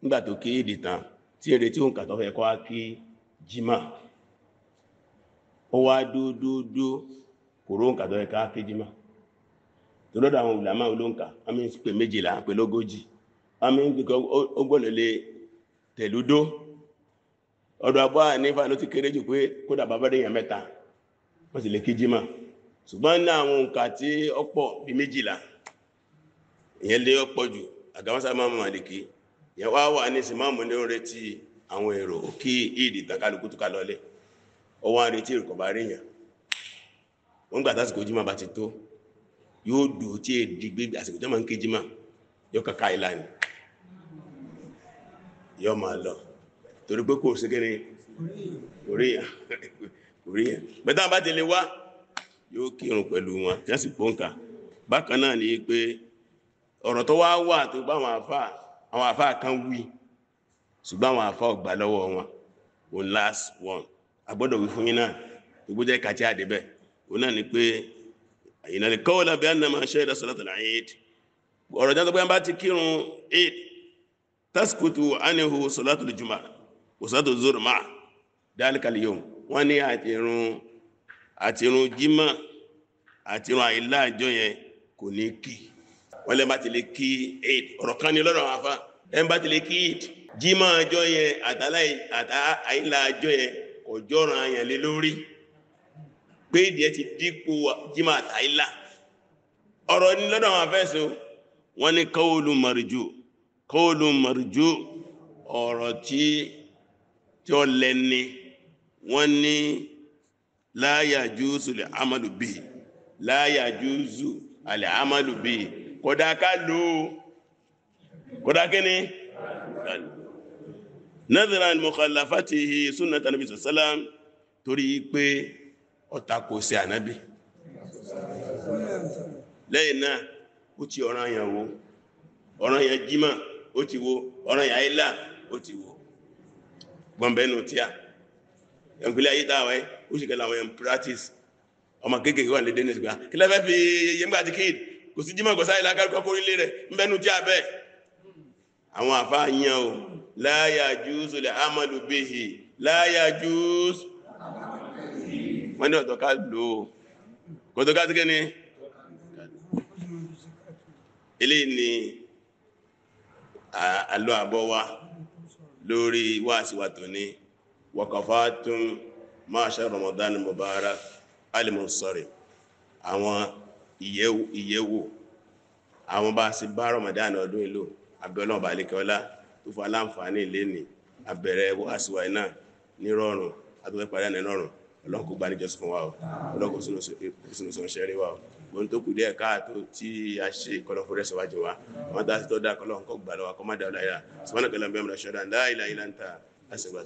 nígbà tó kí ìdì tí èrè tí òǹkà tó fẹ́ kọ́ kí jimá ó wá dúdúdú kò róǹkà tó fẹ́ kí jimá tó lọ́dọ̀ àwọn olùlàmà olóǹkà àmì nǹkan ó gbọ́nà lè tẹ̀lúdó ọdọ̀ abọ́ ànífà ló ti kéré jù pé kódà bàbá rèèyàn mẹ́ta wọ́n sì lè kí jímà ṣùgbọ́n ní àwọn nǹkan tí ó pọ̀ bí méjìlá ìyẹn lé ó pọ̀ jù àgáwọ́sá máa mọ̀ àdìkí ìyẹn wá wà ní ìsìnmáàmù ní orin retí yọ máa lọ torí pé kò sí kéré oríyàn oríyàn bẹ́tà bá ti lè wá yóò kírun pẹ̀lú wọn tí wọ́n sì pọ́nkà bákan náà ni pé ọ̀rọ̀ tó wá wà tó bá àwọn kan wí ṣùgbọ́n àwọn àfà lọ́wọ́ wọn o last one agbọ́dọ̀ wí fún yín náà gbogbo jẹ́ kàtí àdébẹ̀ o náà ni pé ìnàlẹ̀kọ́ ọ̀làbẹ̀ ànàmọ̀ ṣẹ́ ìdásọ́lọ́tàlá 8 ọ̀rọ̀ jẹ́ tó bá ti kírun taskutu anihu salatu juma wasalatu zoro ma dalikali yom wọn ní àtirun àtirun jimá àtirun àìlá àjọ yẹn kò ní kí wọn lẹ́ẹ̀ bá ti lè kí eid ọ̀rọ̀ kan ní lọ́rọ̀ àfa ẹ̀ bá ti lè kí eid jimá àjọ yẹn àtàlá àìlá àjọ yẹn kò jọ̀ràn yẹn lé lórí kóòlù mọ̀rùjú ọ̀rọ̀ tí tí ó lẹ́ni wọ́n ní láyàjúúsù lè amàlù bí láyàjúúsù alẹ́ amàlù bí kódà ká lò ó kódà kí ni nàzàrà mọ̀kànláfàtì súnà tàbí sàlám torí pé ọ̀tà sí ànábì lẹ́yìn náà ó ti ọ̀ranyàn wo ọ̀ranyàn jímọ̀ ó ti wo ọ̀ràn yà ilá ó ti wo gbọ̀nbẹ́nu tíà ẹnkúlẹ̀ ayé tá àwọn ó sì kẹlẹ̀ àwọn ẹn practice ọmọ kéékèèké wà ní dennis gba kí lẹ́fẹ́ fi yẹn gbà ti kéèd kò sí jimá gọ́sáyé lákàtúkọ́ kó nílé rẹ̀ nbẹ́nu tíà bẹ́ẹ̀ àwọn àfa yan o láyà jùúsù lẹ́ amadu bihi láyà jùúsù wọ́n ní ọ̀dọ̀ lò ó kò tó ká ti kéne eléyìí ni àlọ́ àbọ̀ wa lórí wáàsíwà tó ní wọ̀kọ̀fà tún máṣẹ́ Ramadan Mubarak alimusori àwọn ìyẹ̀wò àwọn bá sì bá Ramadan ọdún ìlú abẹ́ọ̀lọ́ balikọ́lá tó fà láǹfààní ilé ní abẹ̀rẹ̀ wáàsíwà náà nírọ̀rùn àtúwẹ́pàdánilọ́rùn ọlọ́kùn gbaníjọ́sùn fún wa ọlọ́kùn sínú sọ́ṣẹ́rí wa ṣùgbọ́n tó kù díẹ̀ káàtó tí a ṣe kọlọ̀ fún rẹ̀ sọ́wájú wa àwọn tá a ti tọ́ da kọlọ̀ nǹkan gbà lọ́wọ́ kọ́mọ́dà ọ̀la ìlà sọ́wọ́n kẹlẹ́ bẹ́ẹ̀ mọ̀ ṣọ́dá ńlá ìlà ìlà ta àṣẹgbà